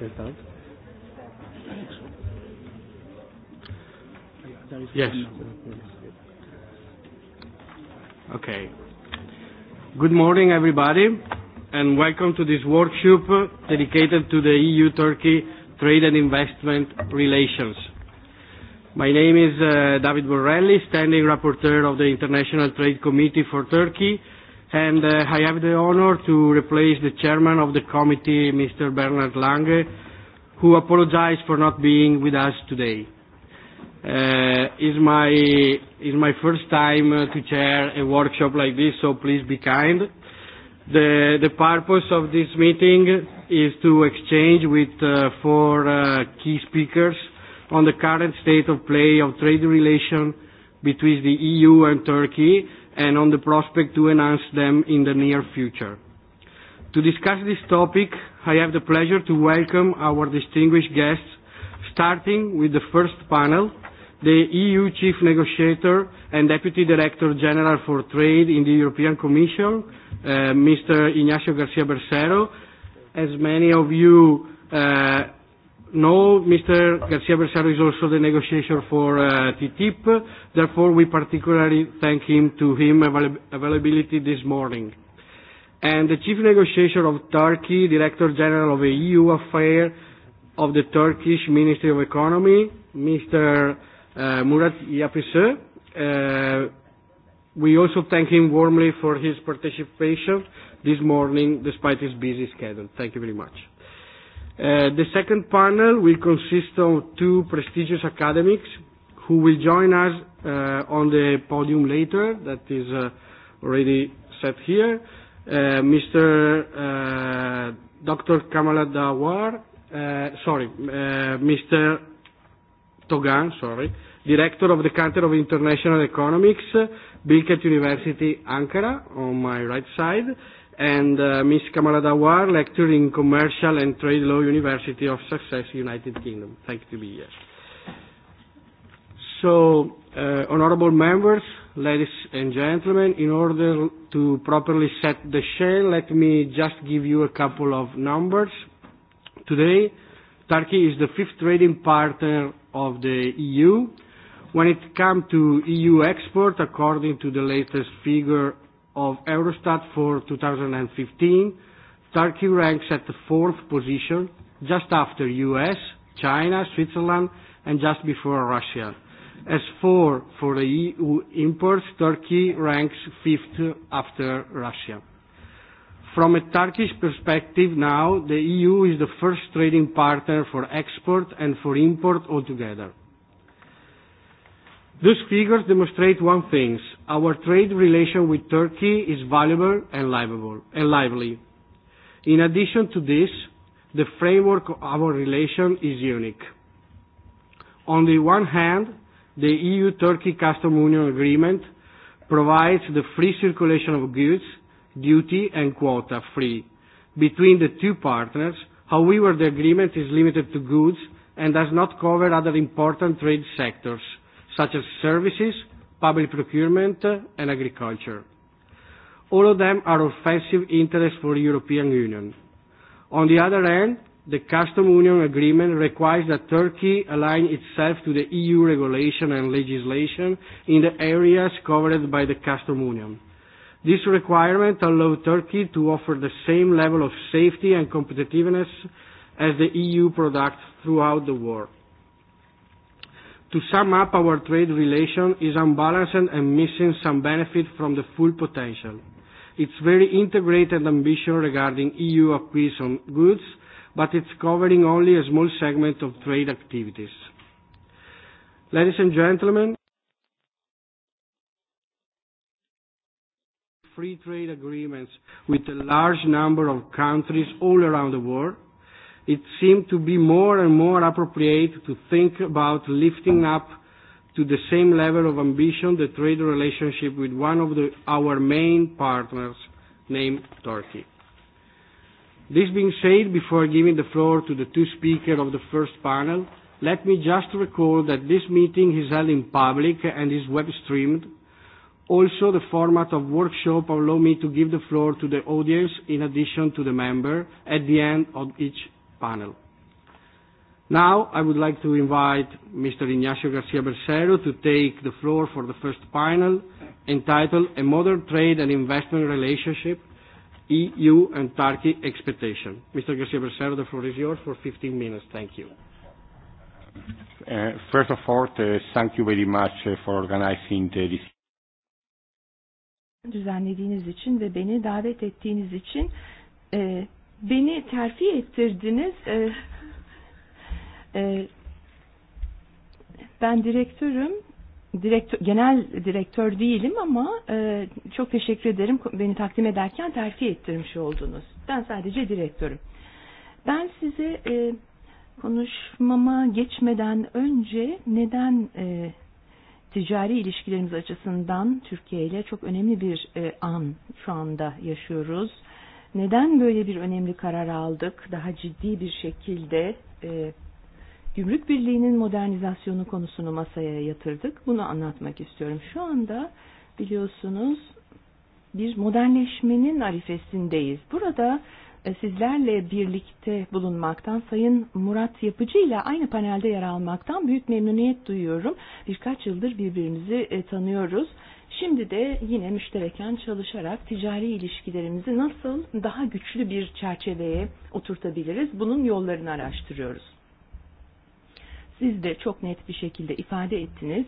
Yes. Okay. Good morning, everybody, and welcome to this workshop dedicated to the EU-Turkey trade and investment relations. My name is uh, David Borrelli, standing rapporteur of the International Trade Committee for Turkey, and uh, I have the honor to replace the chairman of the committee, Mr. Bernard Lange, who apologized for not being with us today. Uh, it's, my, it's my first time uh, to chair a workshop like this, so please be kind. The, the purpose of this meeting is to exchange with uh, four uh, key speakers on the current state of play of trade relations between the EU and Turkey, and on the prospect to enhance them in the near future. To discuss this topic, I have the pleasure to welcome our distinguished guests, starting with the first panel, the EU Chief Negotiator and Deputy Director General for Trade in the European Commission, uh, Mr. Ignacio Garcia Bercero. As many of you uh, No, Mr. Garcia Bersaro is also the negotiator for uh, TTIP. Therefore, we particularly thank him to him avail availability this morning. And the chief negotiator of Turkey, Director General of the EU Affair of the Turkish Ministry of Economy, Mr. Uh, Murat Yapise. Uh, we also thank him warmly for his participation this morning despite his busy schedule. Thank you very much. Uh, the second panel will consist of two prestigious academics who will join us uh, on the podium later, that is uh, already set here. Uh, Mr. Uh, Dr. Kamala Dawar, uh, sorry, uh, Mr. Togan, sorry, Director of the Center of International Economics, Bilket University, Ankara, on my right side, and uh, Ms. Kamala Dawar, lecturer in Commercial and Trade Law, University of Success, United Kingdom. Thank you to be here. So, uh, honorable members, ladies and gentlemen, in order to properly set the share, let me just give you a couple of numbers. Today, Turkey is the fifth trading partner of the EU. When it comes to EU export, according to the latest figure of Eurostat for 2015, Turkey ranks at the fourth position, just after US, China, Switzerland, and just before Russia. As for, for the EU imports, Turkey ranks fifth after Russia. From a Turkish perspective now, the EU is the first trading partner for export and for import altogether. These figures demonstrate one thing. Our trade relation with Turkey is valuable and livable and lively. In addition to this, the framework of our relation is unique. On the one hand, the EU-Turkey Custom Union Agreement provides the free circulation of goods, duty and quota free between the two partners. However, the agreement is limited to goods and does not cover other important trade sectors – such as services, public procurement, and agriculture. All of them are offensive interests for the European Union. On the other hand, the Custom Union Agreement requires that Turkey align itself to the EU regulation and legislation in the areas covered by the Custom Union. This requirement allows Turkey to offer the same level of safety and competitiveness as the EU products throughout the world. To sum up, our trade relation is unbalanced and missing some benefit from the full potential. It's very integrated ambition regarding EU acquis on goods, but it's covering only a small segment of trade activities. Ladies and gentlemen, free trade agreements with a large number of countries all around the world, it seemed to be more and more appropriate to think about lifting up to the same level of ambition the trade relationship with one of the, our main partners, named Turkey. This being said, before giving the floor to the two speakers of the first panel, let me just recall that this meeting is held in public and is web streamed. Also, the format of workshop allow me to give the floor to the audience in addition to the member at the end of each panel. Now, I would like to invite Mr. Ignacio Garcia Bercero to take the floor for the first panel entitled A Modern Trade and Investment Relationship, EU and Turkey Expectation. Mr. Garcia Bercero, the floor is yours for 15 minutes. Thank you. Uh, first of all, uh, thank you very much uh, for organizing the, this. Düzenlediğiniz için ve beni davet ettiğiniz için e, beni terfi ettirdiniz. E, e, ben direktörüm. Direktör, genel direktör değilim ama e, çok teşekkür ederim beni takdim ederken terfi ettirmiş oldunuz. Ben sadece direktörüm. Ben size e, konuşmama geçmeden önce neden e, ticari ilişkilerimiz açısından Türkiye ile çok önemli bir e, an şu anda yaşıyoruz. E, Neden böyle bir önemli karar aldık? Daha ciddi bir şekilde e, gümrük birliğinin modernizasyonu konusunu masaya yatırdık. Bunu anlatmak istiyorum. Şu anda biliyorsunuz bir modernleşmenin arifesindeyiz. Burada e, sizlerle birlikte bulunmaktan, Sayın Murat Yapıcı ile aynı panelde yer almaktan büyük memnuniyet duyuyorum. Birkaç yıldır birbirimizi e, tanıyoruz. Şimdi de yine müştereken çalışarak ticari ilişkilerimizi nasıl daha güçlü bir çerçeveye oturtabiliriz? Bunun yollarını araştırıyoruz. Siz de çok net bir şekilde ifade ettiniz.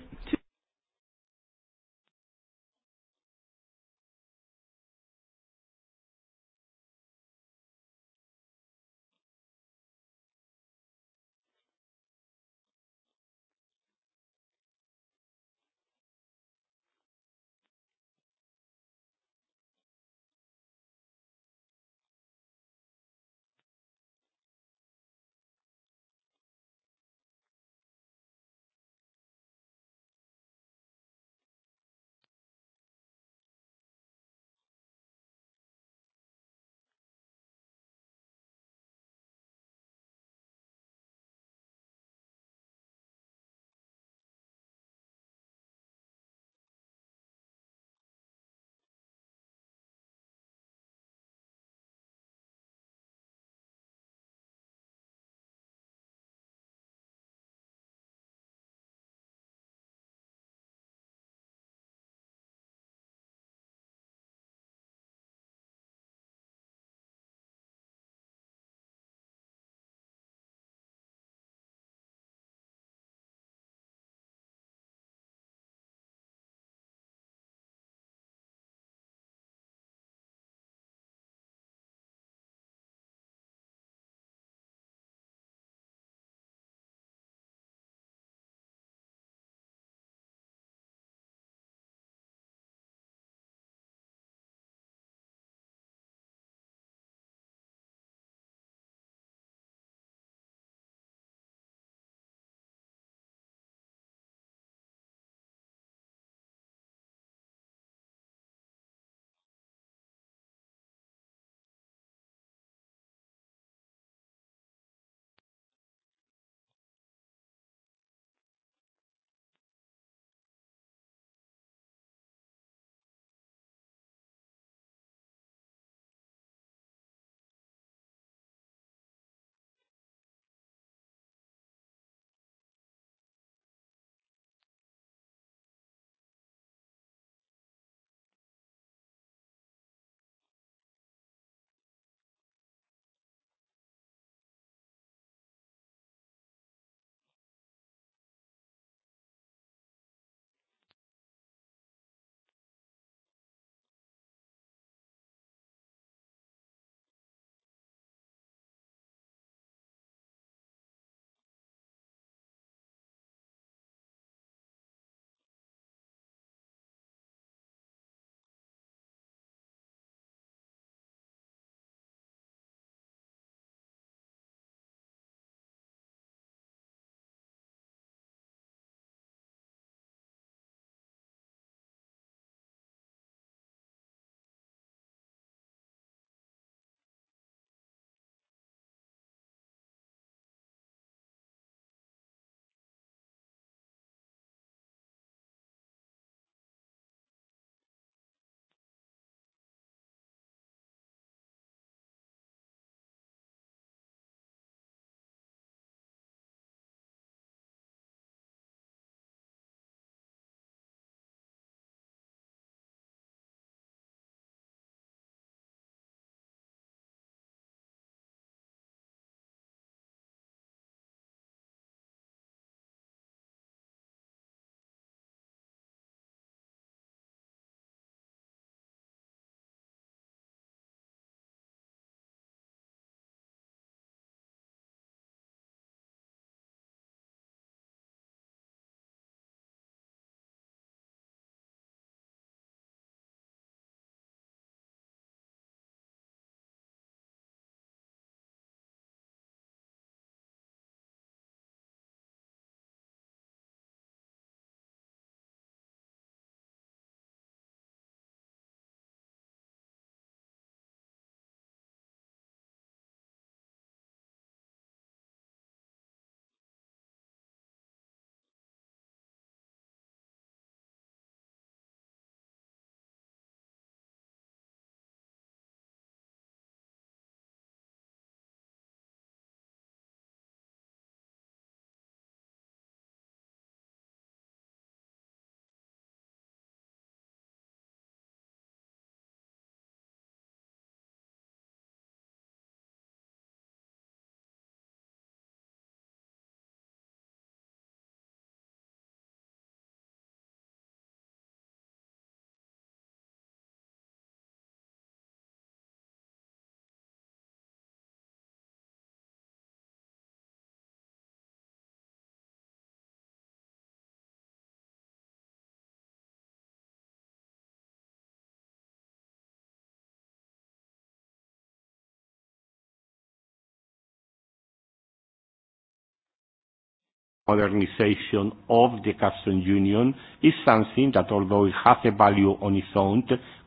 modernization of the custom union is something that although it has a value on its own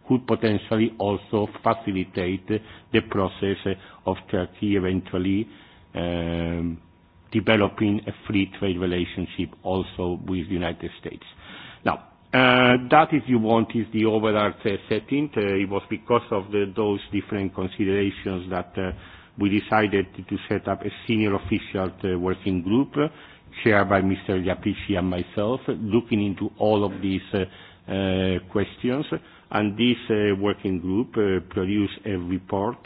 could potentially also facilitate the process of Turkey eventually um, developing a free trade relationship also with the United States. Now, Uh, that, if you want, is the overall uh, setting. Uh, it was because of the, those different considerations that uh, we decided to set up a senior official uh, working group. Uh, chaired by Mr. Iapici and myself, looking into all of these uh, uh, questions. And this uh, working group uh, produced a report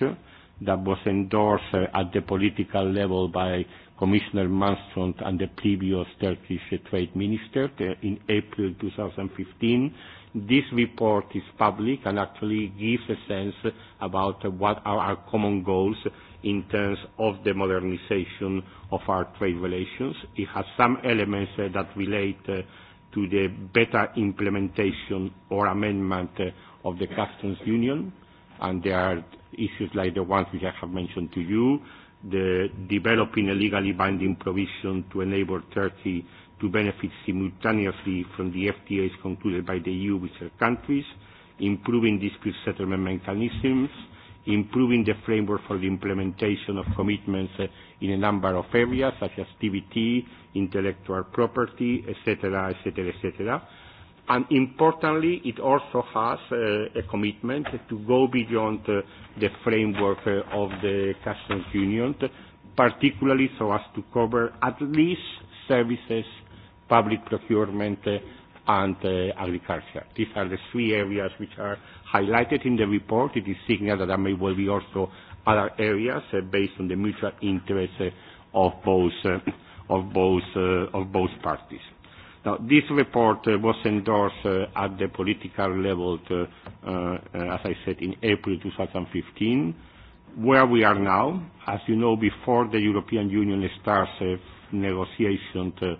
that was endorsed uh, at the political level by Commissioner Manstrand and the previous Turkish uh, Trade Minister uh, in April 2015. This report is public and actually gives a sense about uh, what are our common goals in terms of the modernization of our trade relations. It has some elements uh, that relate uh, to the better implementation or amendment uh, of the customs union, and there are issues like the ones which I have mentioned to you, the developing a legally binding provision to enable Turkey to benefit simultaneously from the FTAs concluded by the EU with their countries, improving dispute settlement mechanisms, improving the framework for the implementation of commitments uh, in a number of areas such as TVT, intellectual property, etc., etc., etc. And importantly, it also has uh, a commitment to go beyond uh, the framework uh, of the customs union, particularly so as to cover at least services, public procurement, uh, and uh, agriculture. These are the three areas which are highlighted in the report. It is signaled that there may well be also other areas uh, based on the mutual interest uh, of both uh, of both uh, of both parties. Now, this report uh, was endorsed uh, at the political level, to, uh, uh, as I said, in April 2015. Where we are now, as you know, before the European Union starts uh, negotiations, uh,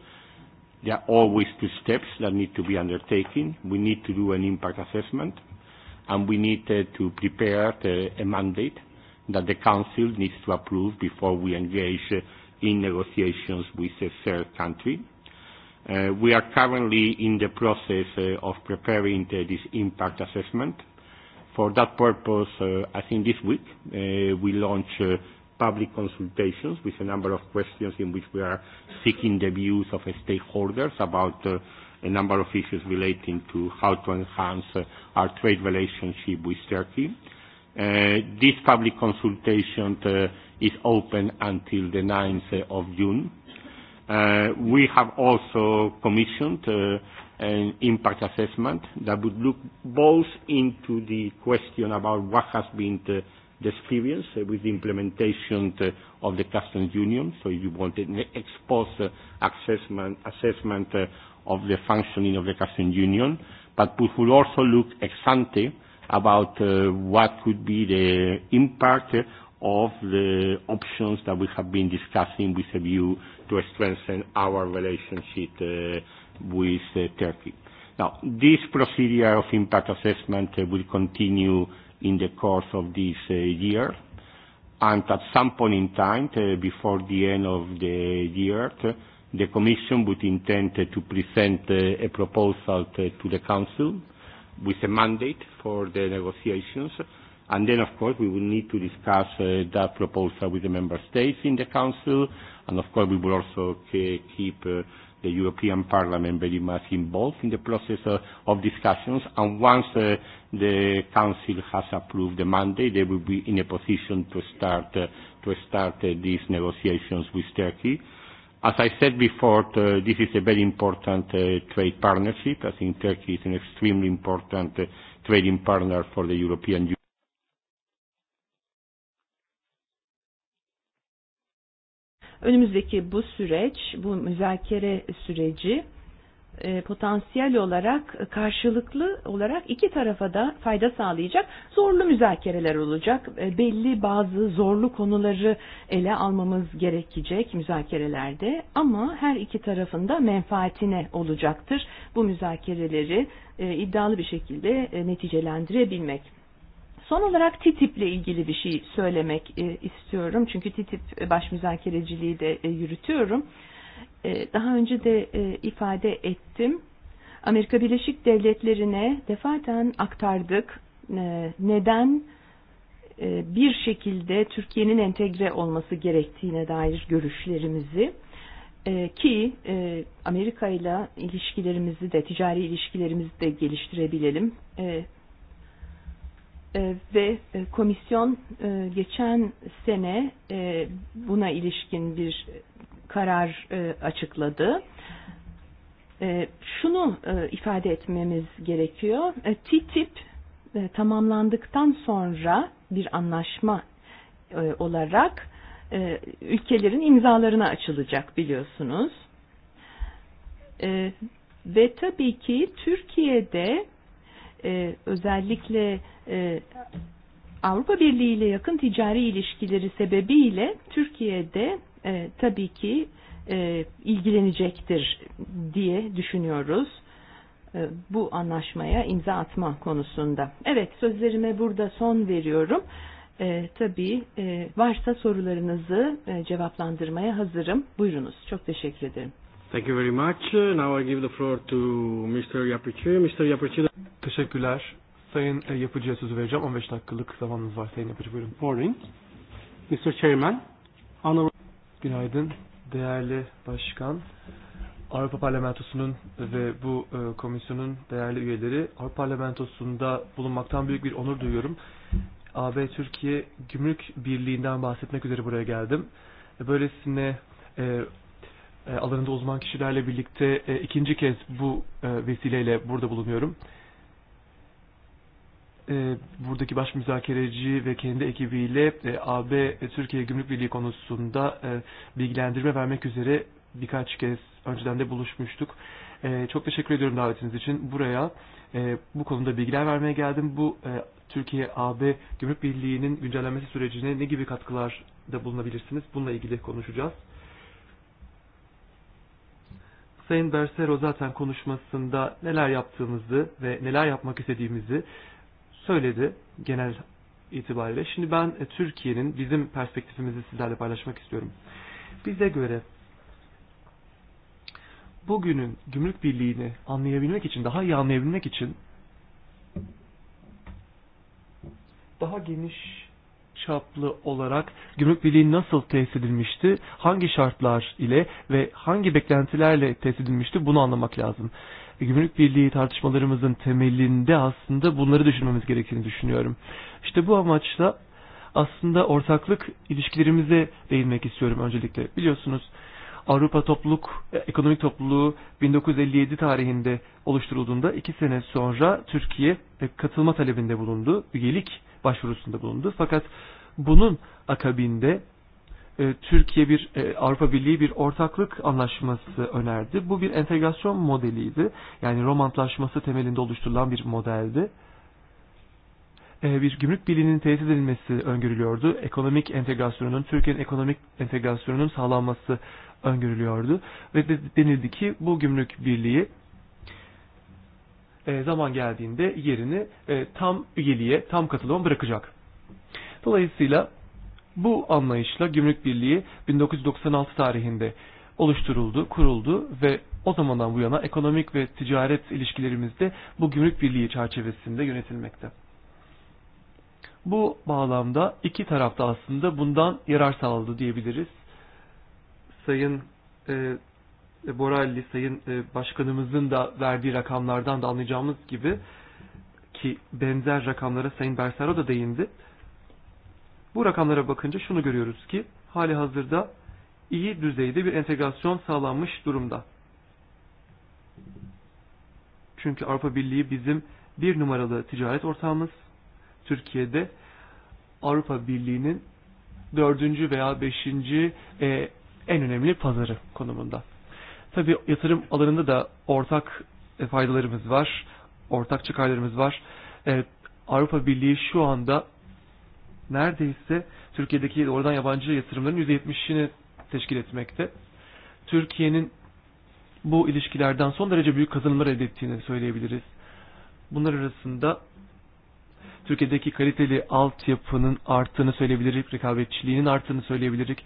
there are always two steps that need to be undertaken. We need to do an impact assessment and we need uh, to prepare the, uh, a mandate that the Council needs to approve before we engage uh, in negotiations with a third country. Uh, we are currently in the process uh, of preparing the, uh, this impact assessment. For that purpose, uh, I think this week uh, we launch uh, public consultations with a number of questions in which we are seeking the views of stakeholders about uh, a number of issues relating to how to enhance uh, our trade relationship with Turkey. Uh, this public consultation uh, is open until the 9th uh, of June. Uh, we have also commissioned uh, an impact assessment that would look both into the question about what has been the, the experience uh, with the implementation uh, of the customs union, so if you want an ex post uh, assessment, assessment uh, of the functioning of the customs union, but we will also look ex ante about uh, what could be the impact of the options that we have been discussing with a view to strengthen our relationship uh, with uh, Turkey. Now, this procedure of impact assessment uh, will continue in the course of this uh, year, and at some point in time, uh, before the end of the year, uh, The Commission would intend to present uh a proposal to the Council with a mandate for the negotiations. And then, of course, we will need to discuss uh, that proposal with the Member States in the Council. And, of course, we will also keep uh, the European Parliament very much involved in the process uh, of discussions. And once uh, the Council has approved the mandate, they will be in a position to start, uh, to start uh, these negotiations with Turkey. As I said before, uh, this is a very important uh, trade partnership. I think Turkey is an extremely important uh, trading partner for the European Union. Önümüzdeki bu süreç, bu müzakere süreci e, potansiyel olarak karşılıklı olarak iki tarafa da fayda sağlayacak zorlu müzakereler olacak. E, belli bazı zorlu konuları ele almamız gerekecek müzakerelerde ama her iki tarafında menfaatine olacaktır bu müzakereleri e, iddialı bir şekilde e, neticelendirebilmek. Son olarak TTIP ile ilgili bir şey söylemek e, istiyorum. Çünkü TTIP e, baş müzakereciliği de e, yürütüyorum. E, daha önce de e, ifade ettim. Amerika Birleşik Devletleri'ne defaten aktardık. E, neden e, bir şekilde Türkiye'nin entegre olması gerektiğine dair görüşlerimizi ki Amerika ile ilişkilerimizi de ticari ilişkilerimizi de geliştirebilelim ve komisyon geçen sene buna ilişkin bir karar e, açıkladı. E, şunu e, ifade etmemiz gerekiyor. E, TTIP e, tamamlandıktan sonra bir anlaşma e, olarak e, ülkelerin imzalarına açılacak biliyorsunuz. E, ve tabii ki Türkiye'de e, özellikle e, Avrupa Birliği ile yakın ticari ilişkileri sebebiyle Türkiye'de e, tabii ki e, ilgilenecektir diye düşünüyoruz e, bu anlaşmaya imza atma konusunda. Evet sözlerime burada son veriyorum. E, tabii e, varsa sorularınızı e, cevaplandırmaya hazırım. Buyurunuz. Çok teşekkür ederim. Thank you very much. Now I give the floor to Mr. Yapıcı. Mr. Yapıcı. Teşekkürler. Sayın e, Yapıcı'ya sözü vereceğim. 15 dakikalık zamanınız var Sayın Yapıcı. Buyurun. Morning. Mr. Chairman, Honorable Günaydın değerli başkan. Avrupa Parlamentosu'nun ve bu e, komisyonun değerli üyeleri Avrupa Parlamentosu'nda bulunmaktan büyük bir onur duyuyorum. AB Türkiye Gümrük Birliği'nden bahsetmek üzere buraya geldim. E, Böylesine e, e, alanında uzman kişilerle birlikte e, ikinci kez bu e, vesileyle burada bulunuyorum. E, buradaki baş müzakereci ve kendi ekibiyle e, AB Türkiye Gümrük Birliği konusunda e, bilgilendirme vermek üzere birkaç kez önceden de buluşmuştuk. E, Çok teşekkür ediyorum davetiniz için. Buraya e, bu konuda bilgiler vermeye geldim. Bu e, Türkiye AB Gümrük Birliği'nin güncellenmesi sürecine ne gibi katkılar da bulunabilirsiniz? Bununla ilgili konuşacağız. Sayın Bersero zaten konuşmasında neler yaptığımızı ve neler yapmak istediğimizi söyledi genel itibariyle. Şimdi ben e, Türkiye'nin bizim perspektifimizi sizlerle paylaşmak istiyorum. Bize göre bugünün gümrük birliğini anlayabilmek için, daha iyi anlayabilmek için daha geniş çaplı olarak gümrük birliği nasıl tesis edilmişti, hangi şartlar ile ve hangi beklentilerle tesis edilmişti bunu anlamak lazım. Gümrük Birliği tartışmalarımızın temelinde aslında bunları düşünmemiz gerektiğini düşünüyorum. İşte bu amaçla aslında ortaklık ilişkilerimize değinmek istiyorum öncelikle. Biliyorsunuz Avrupa Topluluk e, Ekonomik Topluluğu 1957 tarihinde oluşturulduğunda iki sene sonra Türkiye e, katılma talebinde bulundu, üyelik başvurusunda bulundu. Fakat bunun akabinde E, Türkiye bir e, Avrupa Birliği bir ortaklık anlaşması önerdi. Bu bir entegrasyon modeliydi. Yani romantlaşması temelinde oluşturulan bir modeldi. E, bir gümrük birliğinin tesis edilmesi öngörülüyordu. Ekonomik entegrasyonunun, Türkiye'nin ekonomik entegrasyonunun sağlanması öngörülüyordu. Ve de denildi ki bu gümrük birliği zaman geldiğinde yerini tam üyeliğe, tam katılıma bırakacak. Dolayısıyla Bu anlayışla gümrük birliği 1996 tarihinde oluşturuldu, kuruldu ve o zamandan bu yana ekonomik ve ticaret ilişkilerimizde bu gümrük birliği çerçevesinde yönetilmekte. Bu bağlamda iki tarafta aslında bundan yarar sağladı diyebiliriz. Sayın e, e Boralli, Sayın e, Başkanımızın da verdiği rakamlardan da anlayacağımız gibi ki benzer rakamlara Sayın Bersaro da değindi. E, Bu rakamlara bakınca şunu görüyoruz ki hali hazırda iyi düzeyde bir entegrasyon sağlanmış durumda. Çünkü Avrupa Birliği bizim bir numaralı ticaret ortağımız. Türkiye'de Avrupa Birliği'nin dördüncü veya beşinci e, en önemli pazarı konumunda. Tabi yatırım alanında da ortak e, faydalarımız var, ortak çıkarlarımız var. E, Avrupa Birliği şu anda neredeyse Türkiye'deki oradan yabancı yatırımların %70'ini teşkil etmekte. Türkiye'nin bu ilişkilerden son derece büyük kazanımlar elde ettiğini söyleyebiliriz. Bunlar arasında Türkiye'deki kaliteli altyapının arttığını söyleyebiliriz, rekabetçiliğinin arttığını söyleyebiliriz.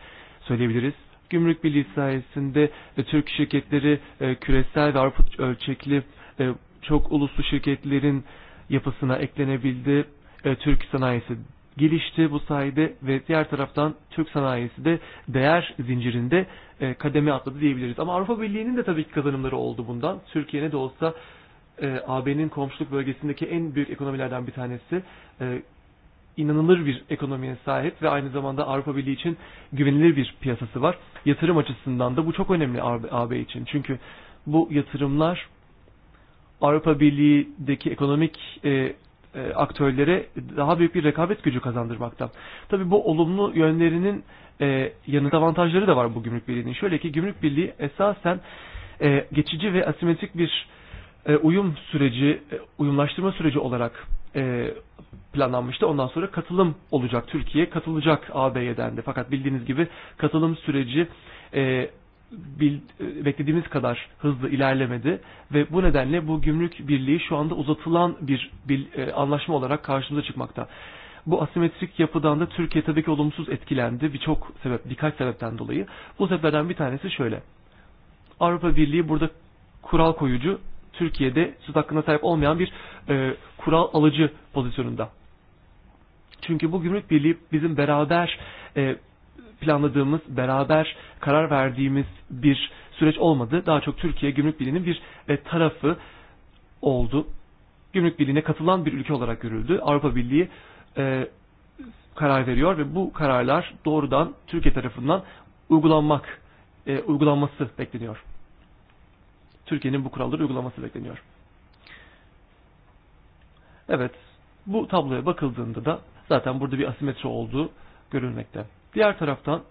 söyleyebiliriz. Gümrük Birliği sayesinde e, Türk şirketleri e, küresel ve Avrupa ölçekli e, çok uluslu şirketlerin yapısına eklenebildi. E, Türk sanayisi gelişti bu sayede ve diğer taraftan Türk sanayisi de değer zincirinde e, kademe atladı diyebiliriz. Ama Avrupa Birliği'nin de tabii ki kazanımları oldu bundan. Türkiye'ne de olsa e, AB'nin komşuluk bölgesindeki en büyük ekonomilerden bir tanesi e, inanılır bir ekonomiye sahip ve aynı zamanda Avrupa Birliği için güvenilir bir piyasası var. Yatırım açısından da bu çok önemli AB için. Çünkü bu yatırımlar Avrupa Birliği'deki ekonomik e, e, aktörlere daha büyük bir rekabet gücü kazandırmakta. Tabii bu olumlu yönlerinin e, yanında avantajları da var bu gümrük birliğinin. Şöyle ki gümrük birliği esasen e, geçici ve asimetrik bir e, uyum süreci, e, uyumlaştırma süreci olarak e, planlanmıştı. Ondan sonra katılım olacak Türkiye, katılacak AB'ye dendi. Fakat bildiğiniz gibi katılım süreci e, bil, beklediğimiz kadar hızlı ilerlemedi ve bu nedenle bu gümrük birliği şu anda uzatılan bir, bir e, anlaşma olarak karşımıza çıkmakta. Bu asimetrik yapıdan da Türkiye tabii ki olumsuz etkilendi birçok sebep, birkaç sebepten dolayı. Bu sebeplerden bir tanesi şöyle. Avrupa Birliği burada kural koyucu, Türkiye'de söz hakkına sahip olmayan bir e, kural alıcı pozisyonunda. Çünkü bu gümrük birliği bizim beraber e, planladığımız, beraber karar verdiğimiz bir süreç olmadı. Daha çok Türkiye Gümrük Birliği'nin bir e, tarafı oldu. Gümrük Birliği'ne katılan bir ülke olarak görüldü. Avrupa Birliği e, karar veriyor ve bu kararlar doğrudan Türkiye tarafından uygulanmak, e, uygulanması bekleniyor. Türkiye'nin bu kuralları uygulaması bekleniyor. Evet, bu tabloya bakıldığında da zaten burada bir asimetri olduğu görülmekte. Diğer taraftan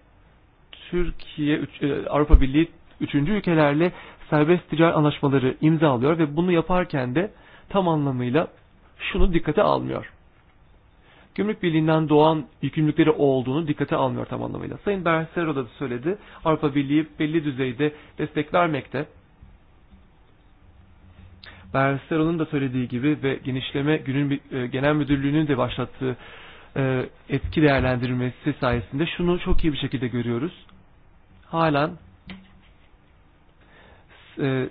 Türkiye, e, Avrupa Birliği üçüncü ülkelerle serbest ticaret anlaşmaları imzalıyor ve bunu yaparken de tam anlamıyla şunu dikkate almıyor. Gümrük Birliği'nden doğan yükümlülükleri olduğunu dikkate almıyor tam anlamıyla. Sayın Bersero da söyledi, Avrupa Birliği belli düzeyde destek vermekte. Bersero'nun da söylediği gibi ve genişleme günün e, genel müdürlüğünün de başlattığı e, etki değerlendirmesi sayesinde şunu çok iyi bir şekilde görüyoruz. Halen e,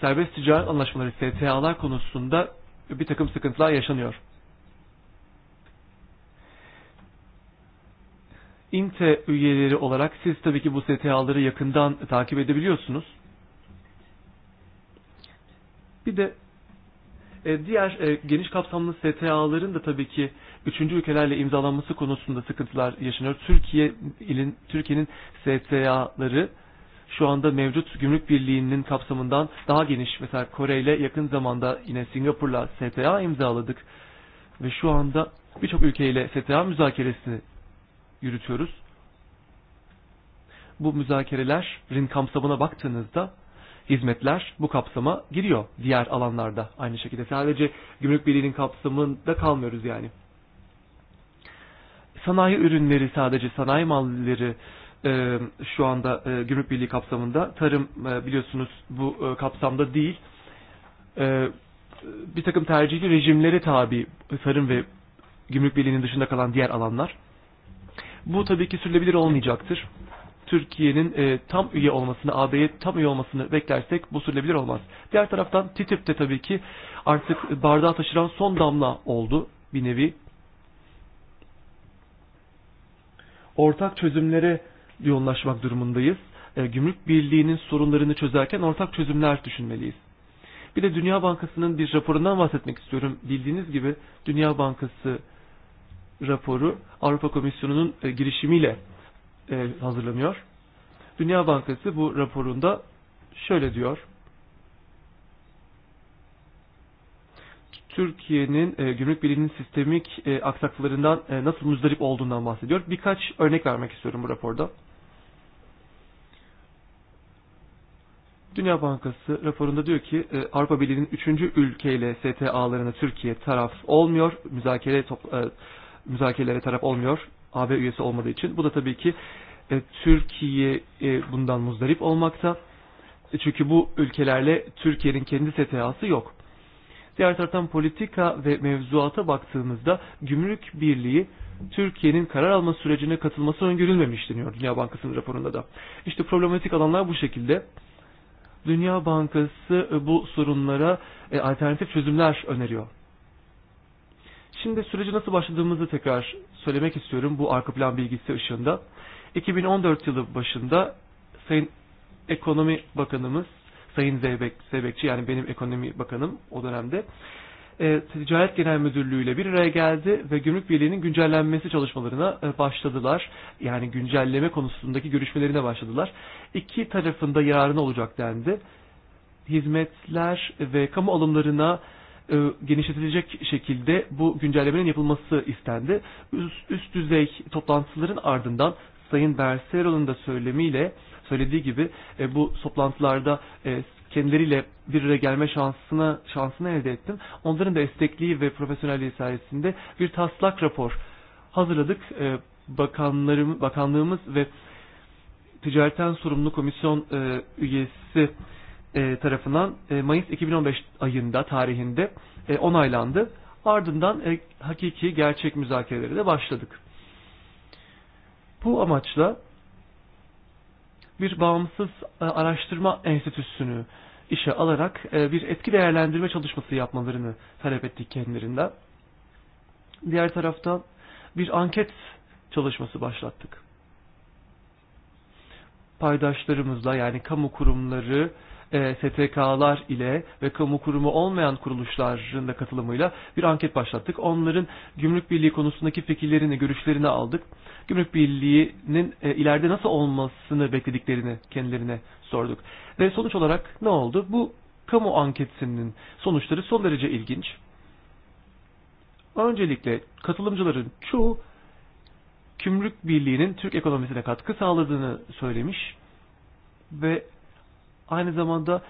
serbest ticaret anlaşmaları STA'lar konusunda bir takım sıkıntılar yaşanıyor. INTE üyeleri olarak siz tabii ki bu STA'ları yakından takip edebiliyorsunuz. Bir de E, diğer e, geniş kapsamlı STA'ların da tabii ki üçüncü ülkelerle imzalanması konusunda sıkıntılar yaşanıyor. Türkiye ilin Türkiye'nin STA'ları şu anda mevcut gümrük birliğinin kapsamından daha geniş. Mesela Kore ile yakın zamanda yine Singapur'la STA imzaladık ve şu anda birçok ülkeyle STA müzakeresini yürütüyoruz. Bu müzakerelerin kapsamına baktığınızda hizmetler bu kapsama giriyor diğer alanlarda aynı şekilde. Sadece gümrük birliğinin kapsamında kalmıyoruz yani. Sanayi ürünleri sadece sanayi malları e, şu anda e, gümrük birliği kapsamında. Tarım e, biliyorsunuz bu e, kapsamda değil. E, bir takım tercihli rejimlere tabi tarım ve gümrük birliğinin dışında kalan diğer alanlar. Bu tabii ki sürülebilir olmayacaktır. Türkiye'nin e, tam üye olmasını, AB'ye tam üye olmasını beklersek bu sürülebilir olmaz. Diğer taraftan TTIP de tabii ki artık bardağı taşıran son damla oldu bir nevi. Ortak çözümlere yoğunlaşmak durumundayız. E, gümrük birliğinin sorunlarını çözerken ortak çözümler düşünmeliyiz. Bir de Dünya Bankası'nın bir raporundan bahsetmek istiyorum. Bildiğiniz gibi Dünya Bankası raporu Avrupa Komisyonu'nun e, girişimiyle e, hazırlanıyor. Dünya Bankası bu raporunda şöyle diyor. Türkiye'nin e, gümrük birliğinin sistemik e, aksaklarından e, nasıl müzdarip olduğundan bahsediyor. Birkaç örnek vermek istiyorum bu raporda. Dünya Bankası raporunda diyor ki e, Avrupa Birliği'nin 3. ülkeyle STA'larına Türkiye taraf olmuyor, müzakere e, müzakerelere taraf olmuyor. AB üyesi olmadığı için. Bu da tabii ki e, Türkiye e, bundan muzdarip olmakta. E, çünkü bu ülkelerle Türkiye'nin kendi STA'sı yok. Diğer taraftan politika ve mevzuata baktığımızda Gümrük Birliği Türkiye'nin karar alma sürecine katılması öngörülmemiş deniyor Dünya Bankası'nın raporunda da. İşte problematik alanlar bu şekilde. Dünya Bankası e, bu sorunlara e, alternatif çözümler öneriyor. Şimdi sürece nasıl başladığımızı tekrar söylemek istiyorum bu arka plan bilgisi ışığında. 2014 yılı başında Sayın Ekonomi Bakanımız, Sayın Zeybek, Zeybekçi yani benim ekonomi bakanım o dönemde e, Ticaret Genel Müdürlüğü ile bir araya geldi ve Gümrük Birliği'nin güncellenmesi çalışmalarına e, başladılar. Yani güncelleme konusundaki görüşmelerine başladılar. İki tarafında yararına olacak dendi. Hizmetler ve kamu alımlarına E, genişletilecek şekilde bu güncellemenin yapılması istendi. Üst, üst düzey toplantıların ardından Sayın Berseroğlu'nun da söylemiyle söylediği gibi e, bu toplantılarda e, kendileriyle bir araya gelme şansını şansını elde ettim. Onların da destekliği ve profesyonelliği sayesinde bir taslak rapor hazırladık. E, bakanlarım, bakanlığımız ve ticaretten sorumlu komisyon e, üyesi e, tarafından e, Mayıs 2015 ayında tarihinde e, onaylandı. Ardından e, hakiki gerçek müzakerelere de başladık. Bu amaçla bir bağımsız e, araştırma enstitüsünü işe alarak e, bir etki değerlendirme çalışması yapmalarını talep ettik kendilerinden. Diğer taraftan bir anket çalışması başlattık. Paydaşlarımızla yani kamu kurumları, e, STK'lar ile ve kamu kurumu olmayan kuruluşların da katılımıyla bir anket başlattık. Onların gümrük birliği konusundaki fikirlerini, görüşlerini aldık. Gümrük birliğinin e, ileride nasıl olmasını beklediklerini kendilerine sorduk. Ve sonuç olarak ne oldu? Bu kamu anketinin sonuçları son derece ilginç. Öncelikle katılımcıların çoğu Gümrük Birliği'nin Türk ekonomisine katkı sağladığını söylemiş ve aynı zamanda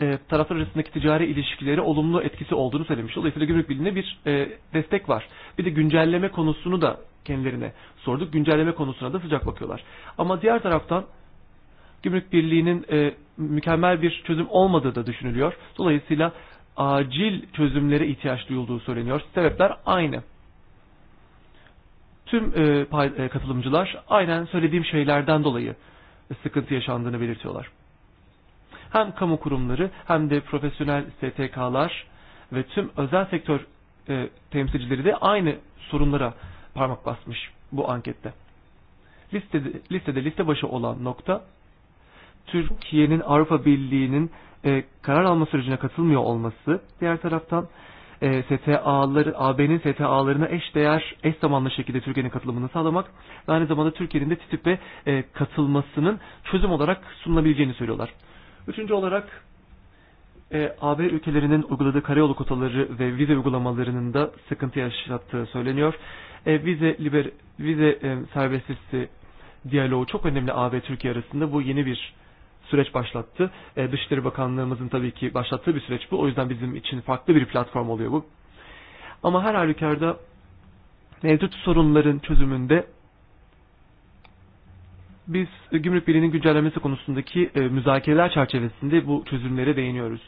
e, taraflar arasındaki ticari ilişkileri olumlu etkisi olduğunu söylemiş. Dolayısıyla Gümrük Birliği'ne bir e, destek var. Bir de güncelleme konusunu da kendilerine sorduk. Güncelleme konusuna da sıcak bakıyorlar. Ama diğer taraftan Gümrük Birliği'nin e, mükemmel bir çözüm olmadığı da düşünülüyor. Dolayısıyla acil çözümlere ihtiyaç duyulduğu söyleniyor. Sebepler aynı. Tüm e, pay, e, katılımcılar aynen söylediğim şeylerden dolayı sıkıntı yaşandığını belirtiyorlar hem kamu kurumları hem de profesyonel STK'lar ve tüm özel sektör e, temsilcileri de aynı sorunlara parmak basmış bu ankette. Listede, listede liste başı olan nokta Türkiye'nin Avrupa Birliği'nin e, karar alma sürecine katılmıyor olması diğer taraftan e, STA'ları AB'nin STA'larına eş değer eş zamanlı şekilde Türkiye'nin katılımını sağlamak ve aynı zamanda Türkiye'nin de TTIP'e e, katılmasının çözüm olarak sunulabileceğini söylüyorlar. Üçüncü olarak e, AB ülkelerinin uyguladığı karayolu kotaları ve vize uygulamalarının da sıkıntı yaşattığı söyleniyor. E, vize liber, vize e, serbestlisi diyaloğu çok önemli AB Türkiye arasında bu yeni bir süreç başlattı. E, Dışişleri Bakanlığımızın tabii ki başlattığı bir süreç bu. O yüzden bizim için farklı bir platform oluyor bu. Ama her halükarda mevcut sorunların çözümünde biz gümrük birliğinin güncellemesi konusundaki e, müzakereler çerçevesinde bu çözümlere değiniyoruz.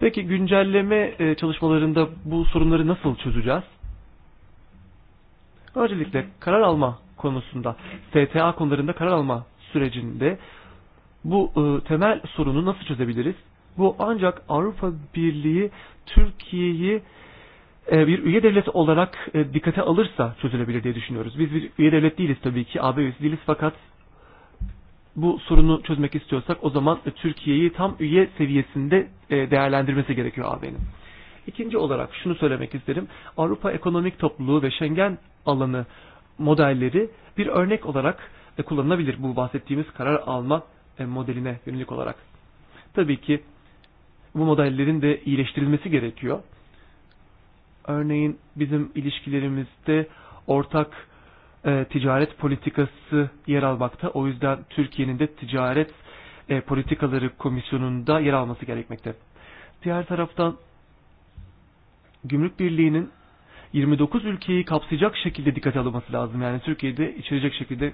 Peki güncelleme e, çalışmalarında bu sorunları nasıl çözeceğiz? Öncelikle karar alma konusunda, STA konularında karar alma sürecinde bu e, temel sorunu nasıl çözebiliriz? Bu ancak Avrupa Birliği Türkiye'yi bir üye devlet olarak e, dikkate alırsa çözülebilir diye düşünüyoruz. Biz bir üye devlet değiliz tabii ki, AB üyesi değiliz fakat bu sorunu çözmek istiyorsak o zaman e, Türkiye'yi tam üye seviyesinde e, değerlendirmesi gerekiyor AB'nin. İkinci olarak şunu söylemek isterim. Avrupa Ekonomik Topluluğu ve Schengen alanı modelleri bir örnek olarak kullanılabilir bu bahsettiğimiz karar alma modeline yönelik olarak. Tabii ki bu modellerin de iyileştirilmesi gerekiyor. Örneğin bizim ilişkilerimizde ortak e, ticaret politikası yer almakta. O yüzden Türkiye'nin de ticaret e, politikaları komisyonunda yer alması gerekmekte. Diğer taraftan Gümrük Birliği'nin 29 ülkeyi kapsayacak şekilde dikkat alınması lazım. Yani Türkiye'de içerecek şekilde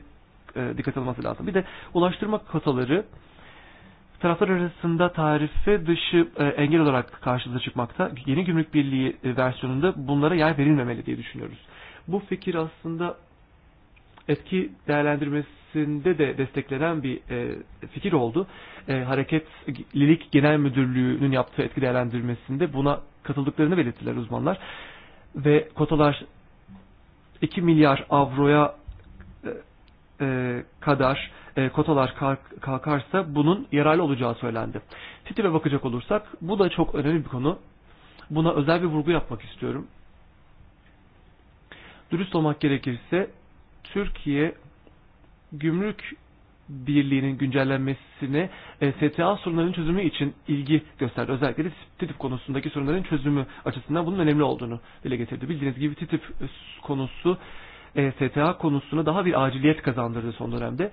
e, dikkat alınması lazım. Bir de ulaştırma kataları arasında tarife dışı e, engel olarak karşımıza çıkmakta. Yeni gümrük birliği e, versiyonunda bunlara yer verilmemeli diye düşünüyoruz. Bu fikir aslında etki değerlendirmesinde de desteklenen bir e, fikir oldu. E, Hareketlilik Genel Müdürlüğü'nün yaptığı etki değerlendirmesinde buna katıldıklarını belirttiler uzmanlar. Ve kotalar 2 milyar avroya e, e kadar e, kotalar kalkarsa bunun yararlı olacağı söylendi. Titile bakacak olursak bu da çok önemli bir konu. Buna özel bir vurgu yapmak istiyorum. Dürüst olmak gerekirse Türkiye gümrük birliğinin güncellenmesini e, STA sorunlarının çözümü için ilgi gösterdi. Özellikle de TTIP konusundaki sorunların çözümü açısından bunun önemli olduğunu dile getirdi. Bildiğiniz gibi TTIP konusu e, STA konusuna daha bir aciliyet kazandırdı son dönemde.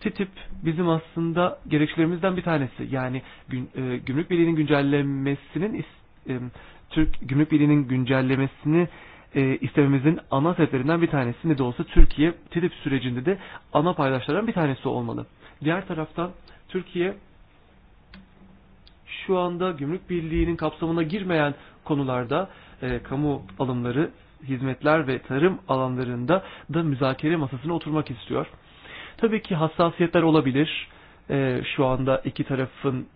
TTIP bizim aslında gerekçelerimizden bir tanesi. Yani gün, e, gümrük birliğinin güncellemesinin e, Türk gümrük birliğinin güncellemesini e, istememizin ana sebeplerinden bir tanesi ne de olsa Türkiye TTIP sürecinde de ana paydaşlardan bir tanesi olmalı. Diğer taraftan Türkiye şu anda gümrük birliğinin kapsamına girmeyen konularda e, kamu alımları, hizmetler ve tarım alanlarında da müzakere masasına oturmak istiyor. Tabii ki hassasiyetler olabilir. E, şu anda iki tarafın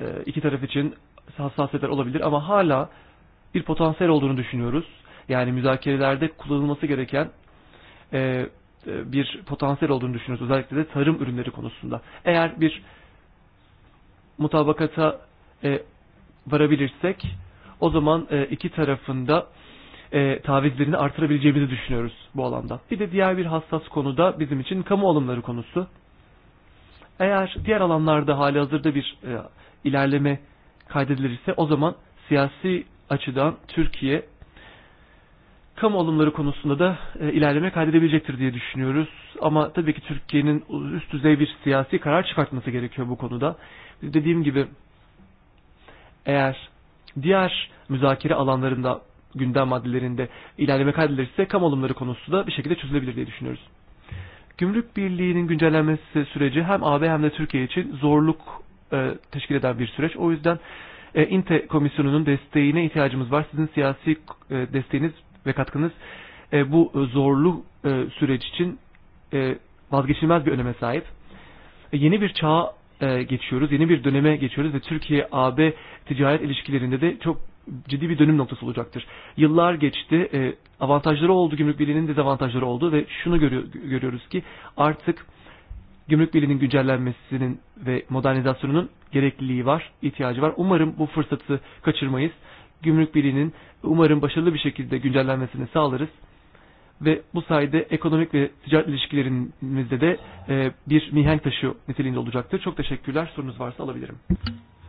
e, iki taraf için hassasiyetler olabilir ama hala bir potansiyel olduğunu düşünüyoruz. Yani müzakerelerde kullanılması gereken e, e bir potansiyel olduğunu düşünüyoruz. Özellikle de tarım ürünleri konusunda. Eğer bir mutabakata e, varabilirsek o zaman e, iki tarafında e, tavizlerini artırabileceğimizi düşünüyoruz bu alanda. Bir de diğer bir hassas konu da bizim için kamu alımları konusu. Eğer diğer alanlarda hali hazırda bir e, ilerleme kaydedilirse o zaman siyasi açıdan Türkiye kamu alımları konusunda da e, ilerleme kaydedebilecektir diye düşünüyoruz. Ama tabii ki Türkiye'nin üst düzey bir siyasi karar çıkartması gerekiyor bu konuda. Dediğim gibi eğer diğer müzakere alanlarında gündem maddelerinde ilerleme kaydedilirse konusu da bir şekilde çözülebilir diye düşünüyoruz. Gümrük Birliği'nin güncellenmesi süreci hem AB hem de Türkiye için zorluk e, teşkil eden bir süreç. O yüzden e, İNTE komisyonunun desteğine ihtiyacımız var. Sizin siyasi e, desteğiniz ve katkınız e, bu zorlu e, süreç için e, vazgeçilmez bir öneme sahip. E, yeni bir çağa e, geçiyoruz, yeni bir döneme geçiyoruz ve Türkiye-AB ticaret ilişkilerinde de çok ciddi bir dönüm noktası olacaktır. Yıllar geçti, e, avantajları oldu, gümrük birliğinin dezavantajları oldu ve şunu görüyor, görüyoruz ki artık gümrük birliğinin güncellenmesinin ve modernizasyonunun gerekliliği var, ihtiyacı var. Umarım bu fırsatı kaçırmayız. Gümrük birliğinin umarım başarılı bir şekilde güncellenmesini sağlarız ve bu sayede ekonomik ve ticaret ilişkilerimizde de e, bir mihenk taşı niteliğinde olacaktır. Çok teşekkürler. Sorunuz varsa alabilirim.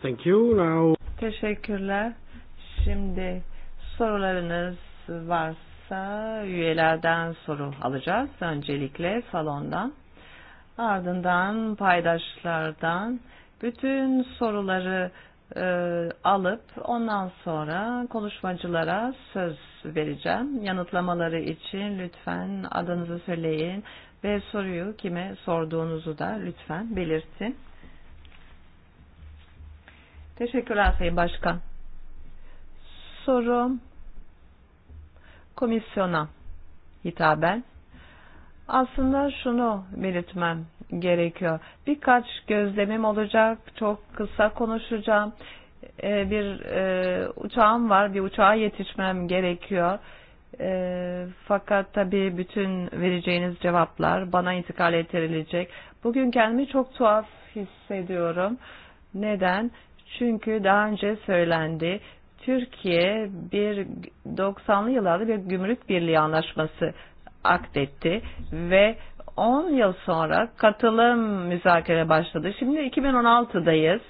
Thank you. Now... Teşekkürler. Şimdi sorularınız varsa üyelerden soru alacağız. Öncelikle salondan. Ardından paydaşlardan bütün soruları e, alıp ondan sonra konuşmacılara söz vereceğim. Yanıtlamaları için lütfen adınızı söyleyin ve soruyu kime sorduğunuzu da lütfen belirtin. Teşekkürler Sayın Başkan soru komisyona hitaben aslında şunu belirtmem gerekiyor. Birkaç gözlemim olacak, çok kısa konuşacağım. Ee, bir e, uçağım var, bir uçağa yetişmem gerekiyor. E, fakat tabii bütün vereceğiniz cevaplar bana intikal ettirilecek. Bugün kendimi çok tuhaf hissediyorum. Neden? Çünkü daha önce söylendi Türkiye bir 90'lı yıllarda bir gümrük birliği anlaşması akdetti ve 10 yıl sonra katılım müzakere başladı. Şimdi 2016'dayız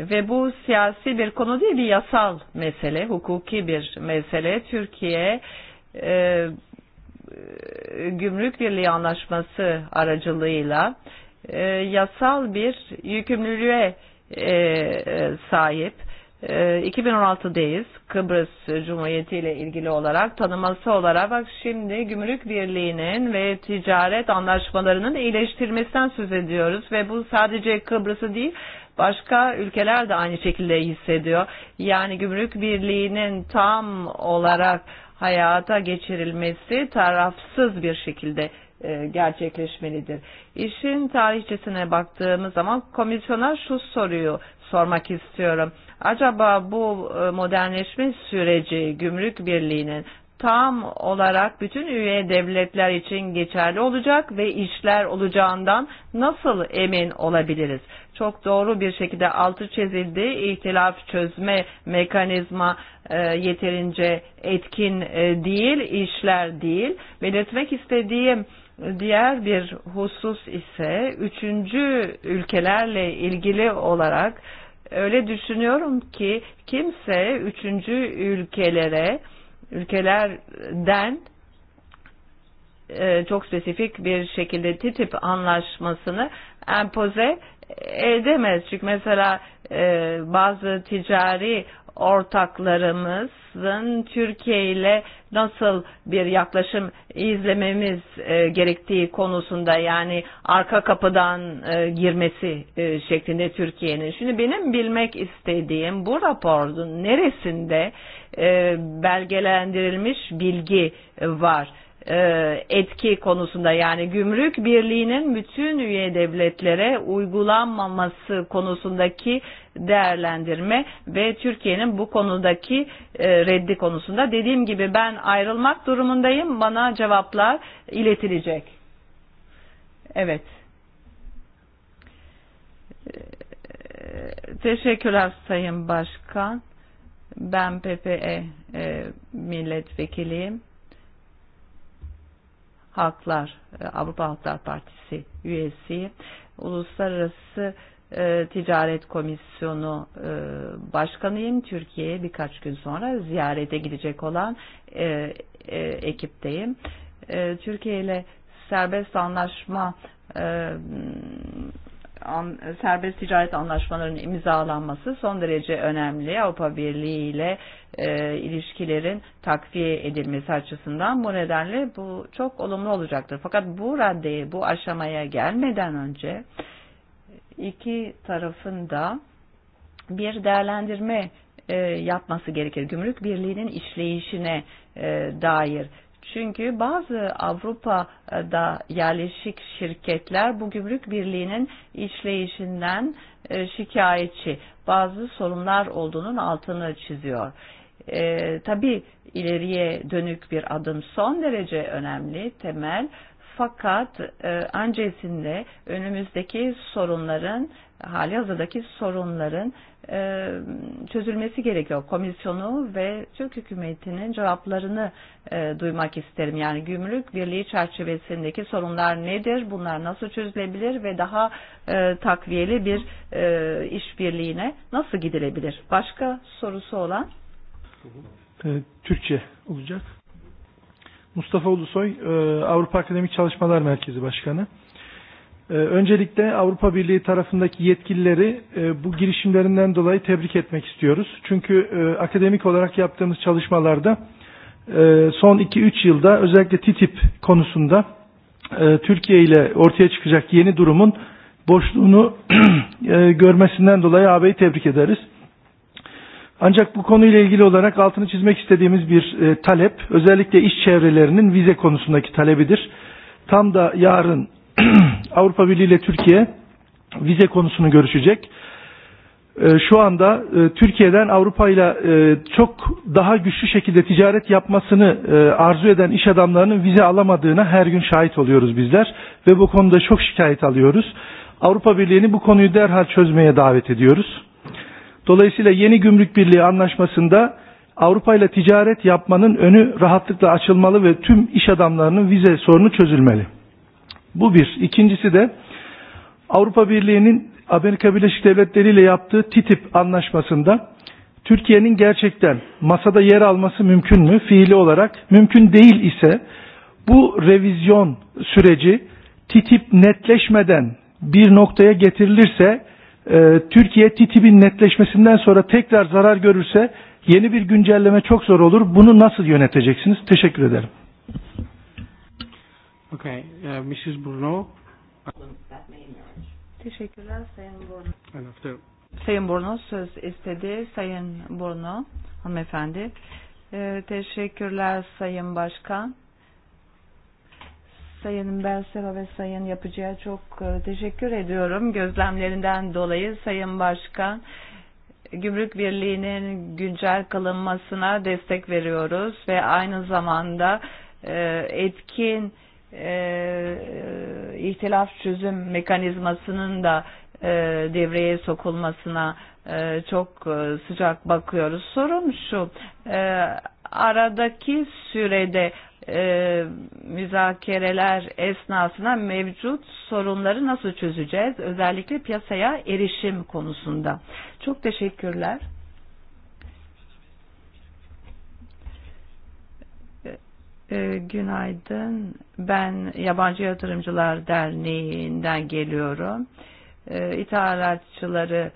ve bu siyasi bir konu değil bir yasal mesele, hukuki bir mesele. Türkiye e, Gümrük Birliği Anlaşması aracılığıyla e, yasal bir yükümlülüğe e, e sahip. E, deyiz, Kıbrıs Cumhuriyeti ile ilgili olarak tanıması olarak bak şimdi Gümrük Birliği'nin ve ticaret anlaşmalarının iyileştirmesinden söz ediyoruz ve bu sadece Kıbrıs'ı değil başka ülkeler de aynı şekilde hissediyor. Yani Gümrük Birliği'nin tam olarak hayata geçirilmesi tarafsız bir şekilde e, gerçekleşmelidir. İşin tarihçesine baktığımız zaman komisyona şu soruyu sormak istiyorum Acaba bu e, modernleşme süreci gümrük birliğinin tam olarak bütün üye devletler için geçerli olacak ve işler olacağından nasıl emin olabiliriz? Çok doğru bir şekilde altı çizildi. İhtilaf çözme mekanizma e, yeterince etkin e, değil, işler değil. Belirtmek istediğim diğer bir husus ise üçüncü ülkelerle ilgili olarak e, öyle düşünüyorum ki kimse üçüncü ülkelere ülkelerden e, çok spesifik bir şekilde TTIP anlaşmasını empoze edemez. Çünkü mesela e, bazı ticari ortaklarımızın Türkiye ile nasıl bir yaklaşım izlememiz e, gerektiği konusunda yani arka kapıdan e, girmesi e, şeklinde Türkiye'nin. Şimdi benim bilmek istediğim bu raporun neresinde e, belgelendirilmiş bilgi var? E, etki konusunda yani gümrük birliğinin bütün üye devletlere uygulanmaması konusundaki değerlendirme ve Türkiye'nin bu konudaki e, reddi konusunda dediğim gibi ben ayrılmak durumundayım. Bana cevaplar iletilecek. Evet. E, teşekkürler Sayın Başkan. Ben PPE e, milletvekiliyim. Halklar, e, Avrupa Halklar Partisi üyesi. Uluslararası e, e, Ticaret Komisyonu e, Başkanıyım. Türkiye'ye birkaç gün sonra ziyarete gidecek olan e, e, ekipteyim. E, Türkiye ile serbest anlaşma e, an, serbest ticaret anlaşmalarının imzalanması son derece önemli. Avrupa Birliği ile e, ilişkilerin takviye edilmesi açısından bu nedenle bu çok olumlu olacaktır. Fakat bu raddeye, bu aşamaya gelmeden önce e, iki tarafında bir değerlendirme e, yapması gerekir gümrük birliğinin işleyişine e, dair. Çünkü bazı Avrupa'da yerleşik şirketler bu gümrük birliğinin işleyişinden e, şikayetçi bazı sorunlar olduğunun altını çiziyor. E, tabii ileriye dönük bir adım son derece önemli, temel. E, Fakat e, öncesinde önümüzdeki sorunların hali hazırdaki sorunların e, çözülmesi gerekiyor. Komisyonu ve Türk hükümetinin cevaplarını e, duymak isterim. Yani gümrük birliği çerçevesindeki sorunlar nedir? Bunlar nasıl çözülebilir ve daha e, takviyeli bir e, işbirliğine nasıl gidilebilir? Başka sorusu olan? E, Türkçe olacak. Mustafa Ulusoy, e, Avrupa Akademik Çalışmalar Merkezi Başkanı. E, öncelikle Avrupa Birliği tarafındaki yetkilileri e, bu girişimlerinden dolayı tebrik etmek istiyoruz. Çünkü akademik olarak yaptığımız çalışmalarda son 2-3 yılda özellikle TTIP konusunda Türkiye ile ortaya çıkacak yeni durumun boşluğunu görmesinden dolayı AB'yi tebrik ederiz. Ancak bu konuyla ilgili olarak altını çizmek istediğimiz bir e, talep özellikle iş çevrelerinin vize konusundaki talebidir. Tam da yarın Avrupa Birliği ile Türkiye vize konusunu görüşecek. E, şu anda e, Türkiye'den Avrupa ile e, çok daha güçlü şekilde ticaret yapmasını e, arzu eden iş adamlarının vize alamadığına her gün şahit oluyoruz bizler ve bu konuda çok şikayet alıyoruz. Avrupa Birliği'ni bu konuyu derhal çözmeye davet ediyoruz. Dolayısıyla yeni gümrük birliği anlaşmasında Avrupa ile ticaret yapmanın önü rahatlıkla açılmalı ve tüm iş adamlarının vize sorunu çözülmeli. Bu bir. İkincisi de Avrupa Birliği'nin Amerika Birleşik Devletleri ile yaptığı TTIP anlaşmasında Türkiye'nin gerçekten masada yer alması mümkün mü? Fiili olarak mümkün değil ise bu revizyon süreci TTIP netleşmeden bir noktaya getirilirse e, Türkiye TTIP'in netleşmesinden sonra tekrar zarar görürse yeni bir güncelleme çok zor olur. Bunu nasıl yöneteceksiniz? Teşekkür ederim. Okay, uh, Mrs. Bruno. Teşekkürler Sayın Bruno. After... Sayın Bruno söz istedi. Sayın Bruno hanımefendi. Ee, teşekkürler Sayın Başkan sayın Belseva ve sayın yapıcıya çok e, teşekkür ediyorum. Gözlemlerinden dolayı sayın başkan gümrük birliğinin güncel kalınmasına destek veriyoruz ve aynı zamanda e, etkin e, ihtilaf çözüm mekanizmasının da e, devreye sokulmasına e, çok e, sıcak bakıyoruz. Sorum şu, e, aradaki sürede E, müzakereler esnasında mevcut sorunları nasıl çözeceğiz? Özellikle piyasaya erişim konusunda. Çok teşekkürler. E, e, günaydın. Ben Yabancı Yatırımcılar Derneği'nden geliyorum. İthalatçıları ithalatçıları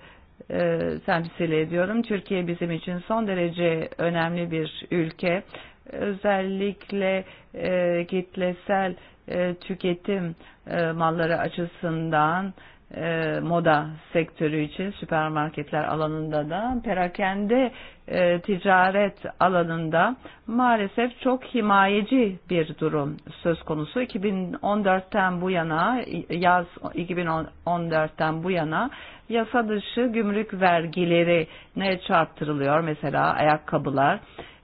e, temsil ediyorum. Türkiye bizim için son derece önemli bir ülke. Özellikle e, kitlesel e, tüketim e, malları açısından e, e, moda sektörü için süpermarketler alanında da perakende e, ticaret alanında maalesef çok himayeci bir durum söz konusu. 2014'ten bu yana yaz 2014'ten bu yana yasa dışı gümrük vergileri ne çarptırılıyor mesela ayakkabılar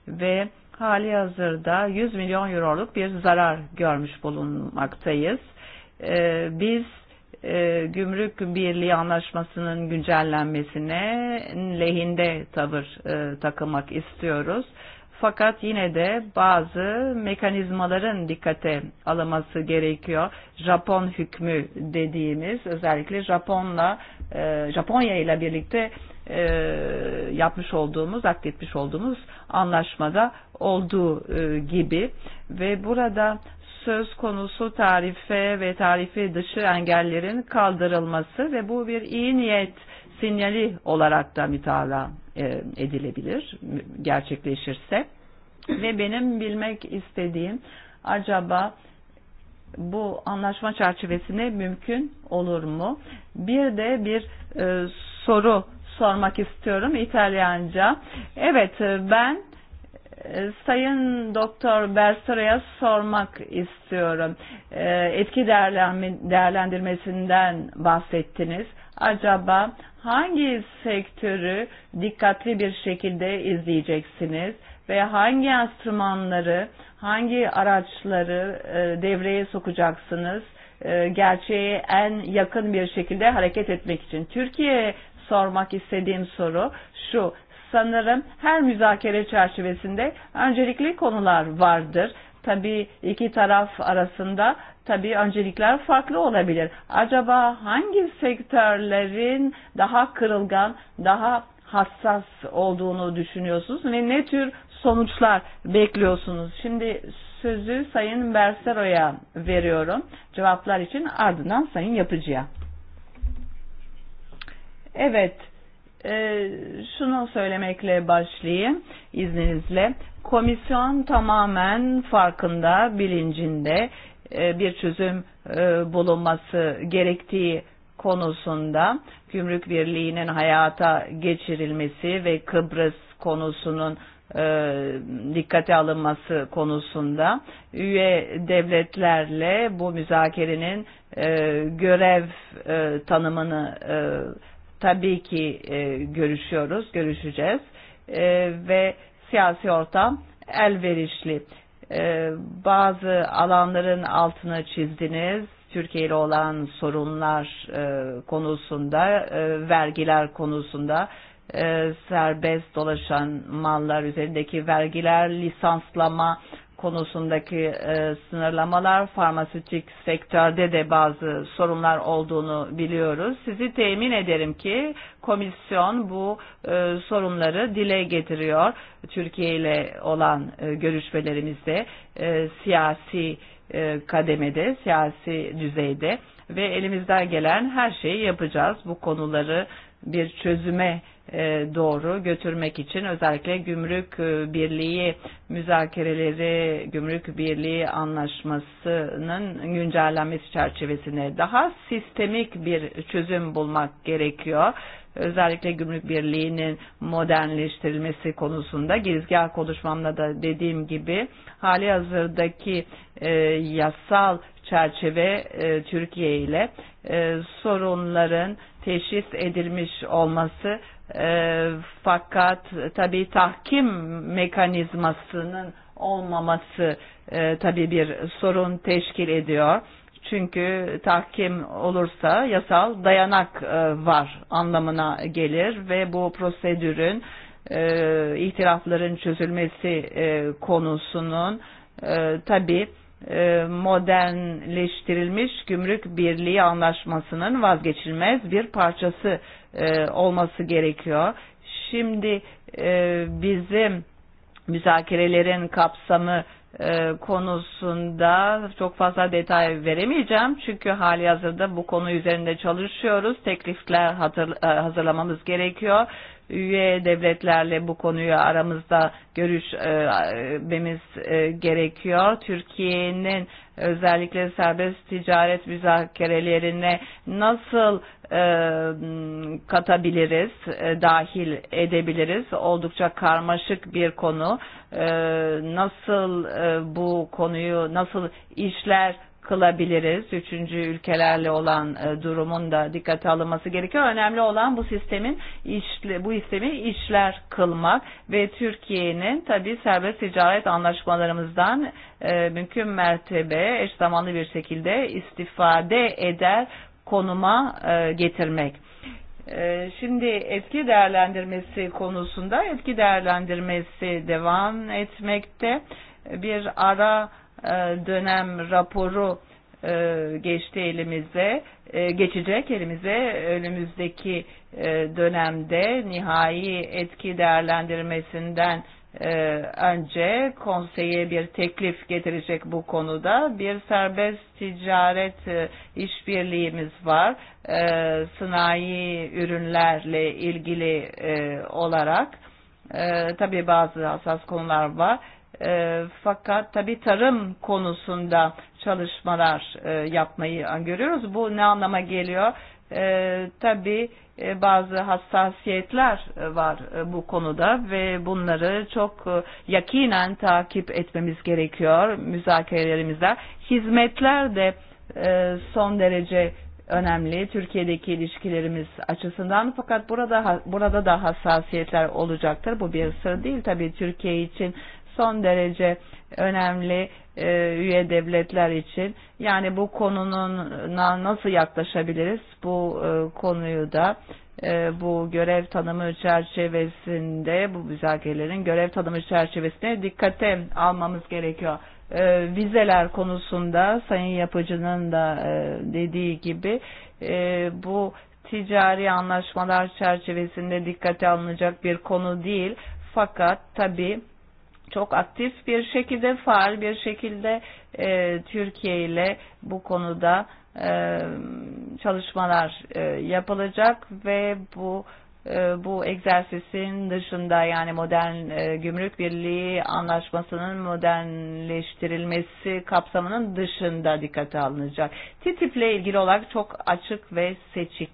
ve hali hazırda 100 milyon euroluk bir zarar görmüş bulunmaktayız. Ee, biz e, Gümrük Birliği Anlaşması'nın güncellenmesine lehinde tavır e, takılmak istiyoruz. Fakat yine de bazı mekanizmaların dikkate alınması gerekiyor. Japon hükmü dediğimiz özellikle Japon'la e, Japonya ile birlikte e, yapmış olduğumuz, akletmiş olduğumuz anlaşmada olduğu e, gibi ve burada söz konusu tarife ve tarifi dışı engellerin kaldırılması ve bu bir iyi niyet sinyali olarak da mütala e, edilebilir gerçekleşirse. ve benim bilmek istediğim acaba bu anlaşma çerçevesine mümkün olur mu? Bir de bir e, soru sormak istiyorum İtalyanca. Evet e, ben Sayın Doktor Bersoy'a sormak istiyorum. E, etki değerlendirmesinden bahsettiniz. Acaba hangi sektörü dikkatli bir şekilde izleyeceksiniz ve hangi enstrümanları, hangi araçları e, devreye sokacaksınız? E, gerçeğe en yakın bir şekilde hareket etmek için. Türkiye'ye sormak istediğim soru şu sanırım her müzakere çerçevesinde öncelikli konular vardır. Tabi iki taraf arasında tabi öncelikler farklı olabilir. Acaba hangi sektörlerin daha kırılgan, daha hassas olduğunu düşünüyorsunuz ve ne tür sonuçlar bekliyorsunuz? Şimdi sözü Sayın Bersero'ya veriyorum cevaplar için ardından Sayın Yapıcı'ya. Evet, şunu e, söylemekle başlayayım izninizle. Komisyon tamamen farkında, bilincinde e, bir çözüm e, bulunması gerektiği konusunda gümrük birliğinin hayata geçirilmesi ve Kıbrıs konusunun dikkate alınması konusunda üye devletlerle bu müzakerenin görev tanımını tabii ki e, görüşüyoruz, görüşeceğiz e, ve siyasi ortam elverişli. E, bazı alanların altını çizdiniz, Türkiye ile olan sorunlar e, konusunda, e, vergiler konusunda, e, serbest dolaşan mallar üzerindeki vergiler, lisanslama konusundaki e, sınırlamalar, farmasötik sektörde de bazı sorunlar olduğunu biliyoruz. Sizi temin ederim ki komisyon bu e, sorunları dile getiriyor. Türkiye ile olan e, görüşmelerimizde e, siyasi e, kademede, siyasi düzeyde ve elimizden gelen her şeyi yapacağız. Bu konuları bir çözüme E, doğru götürmek için özellikle gümrük e, birliği müzakereleri gümrük birliği anlaşmasının güncellenmesi çerçevesinde daha sistemik bir çözüm bulmak gerekiyor. Özellikle gümrük birliğinin modernleştirilmesi konusunda girizgah konuşmamda da dediğim gibi hali hazırdaki e, yasal çerçeve e, Türkiye ile e, sorunların teşhis edilmiş olması Eh, fakat tabi tahkim mekanizmasının olmaması e, tabi bir sorun teşkil ediyor. Çünkü tahkim olursa yasal dayanak e, var anlamına gelir ve bu prosedürün e, ihtilafların çözülmesi e, konusunun e, tabi e, modernleştirilmiş gümrük birliği anlaşmasının vazgeçilmez bir parçası e, olması gerekiyor. Şimdi e, bizim müzakerelerin kapsamı e, konusunda çok fazla detay veremeyeceğim. Çünkü hali hazırda bu konu üzerinde çalışıyoruz. Teklifler hatır, e, hazırlamamız gerekiyor. Üye devletlerle bu konuyu aramızda görüşmemiz e, e, gerekiyor. Türkiye'nin özellikle serbest ticaret müzakerelerine nasıl e, Ehm, katabiliriz, e, dahil edebiliriz. Oldukça karmaşık bir konu. E, nasıl e, bu konuyu nasıl işler kılabiliriz. Üçüncü ülkelerle olan e, durumun da dikkate alınması gerekiyor. Önemli olan bu sistemin işle, bu sistemi işler kılmak ve Türkiye'nin tabi serbest ticaret anlaşmalarımızdan e, mümkün mertebe eş zamanlı bir şekilde istifade eder konuma e, getirmek. E, şimdi etki değerlendirmesi konusunda etki değerlendirmesi devam etmekte. Bir ara e, dönem raporu e, geçti elimize, e, geçecek elimize önümüzdeki e, dönemde nihai etki değerlendirmesinden Eh, anđe konsejje bjer je bir teklif bu konuda. bjer sarbez ticaret e, eh, li mizvar, E, eh, ürünlerle ilgili olarak. tabi bazı hassas konular var. fakat tabi tarım konusunda çalışmalar yapmayı görüyoruz. Bu ne anlama geliyor? E, tabi e, bazı hassasiyetler var e, bu konuda ve bunları çok yakinen takip etmemiz gerekiyor müzakerelerimizde. Hizmetler de son derece önemli Türkiye'deki ilişkilerimiz açısından fakat burada burada da hassasiyetler olacaktır. Bu bir sır değil tabii Türkiye için son derece e, önemli e, üye devletler için. Yani bu konunun nasıl yaklaşabiliriz bu e, konuyu da e, bu görev tanımı çerçevesinde bu müzakerelerin görev tanımı çerçevesinde dikkate almamız gerekiyor. E, vizeler konusunda Sayın Yapıcı'nın da e, dediği gibi e, bu ticari anlaşmalar çerçevesinde dikkate alınacak bir konu değil. Fakat tabii çok aktif bir şekilde, faal bir şekilde e, Türkiye ile bu konuda e, çalışmalar e, yapılacak ve bu e, bu egzersizin dışında yani modern e, gümrük birliği anlaşmasının modernleştirilmesi kapsamının dışında dikkate alınacak. TTIP ile ilgili olarak çok açık ve seçik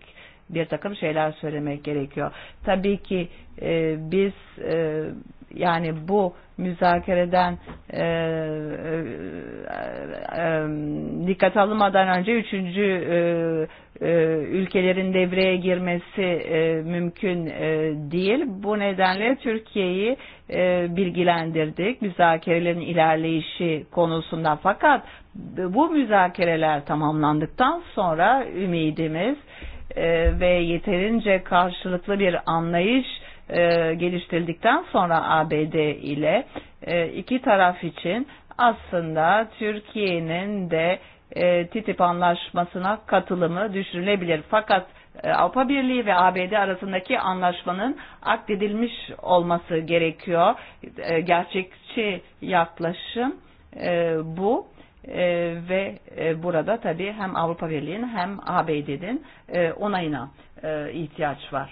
bir takım şeyler söylemek gerekiyor. Tabii ki e, biz e, yani bu müzakereden e, e, e, dikkat alınmadan önce üçüncü e, e, ülkelerin devreye girmesi e, mümkün e, değil. Bu nedenle Türkiye'yi e, bilgilendirdik müzakerelerin ilerleyişi konusunda fakat bu müzakereler tamamlandıktan sonra ümidimiz e, ve yeterince karşılıklı bir anlayış geliştirildikten sonra ABD ile e, iki taraf için aslında Türkiye'nin de e, TTIP anlaşmasına katılımı düşürülebilir. Fakat e, Avrupa Birliği ve ABD arasındaki anlaşmanın akdedilmiş olması gerekiyor. Gerçekçi yaklaşım bu ve burada tabii hem Avrupa Birliği'nin hem ABD'nin onayına ihtiyaç var.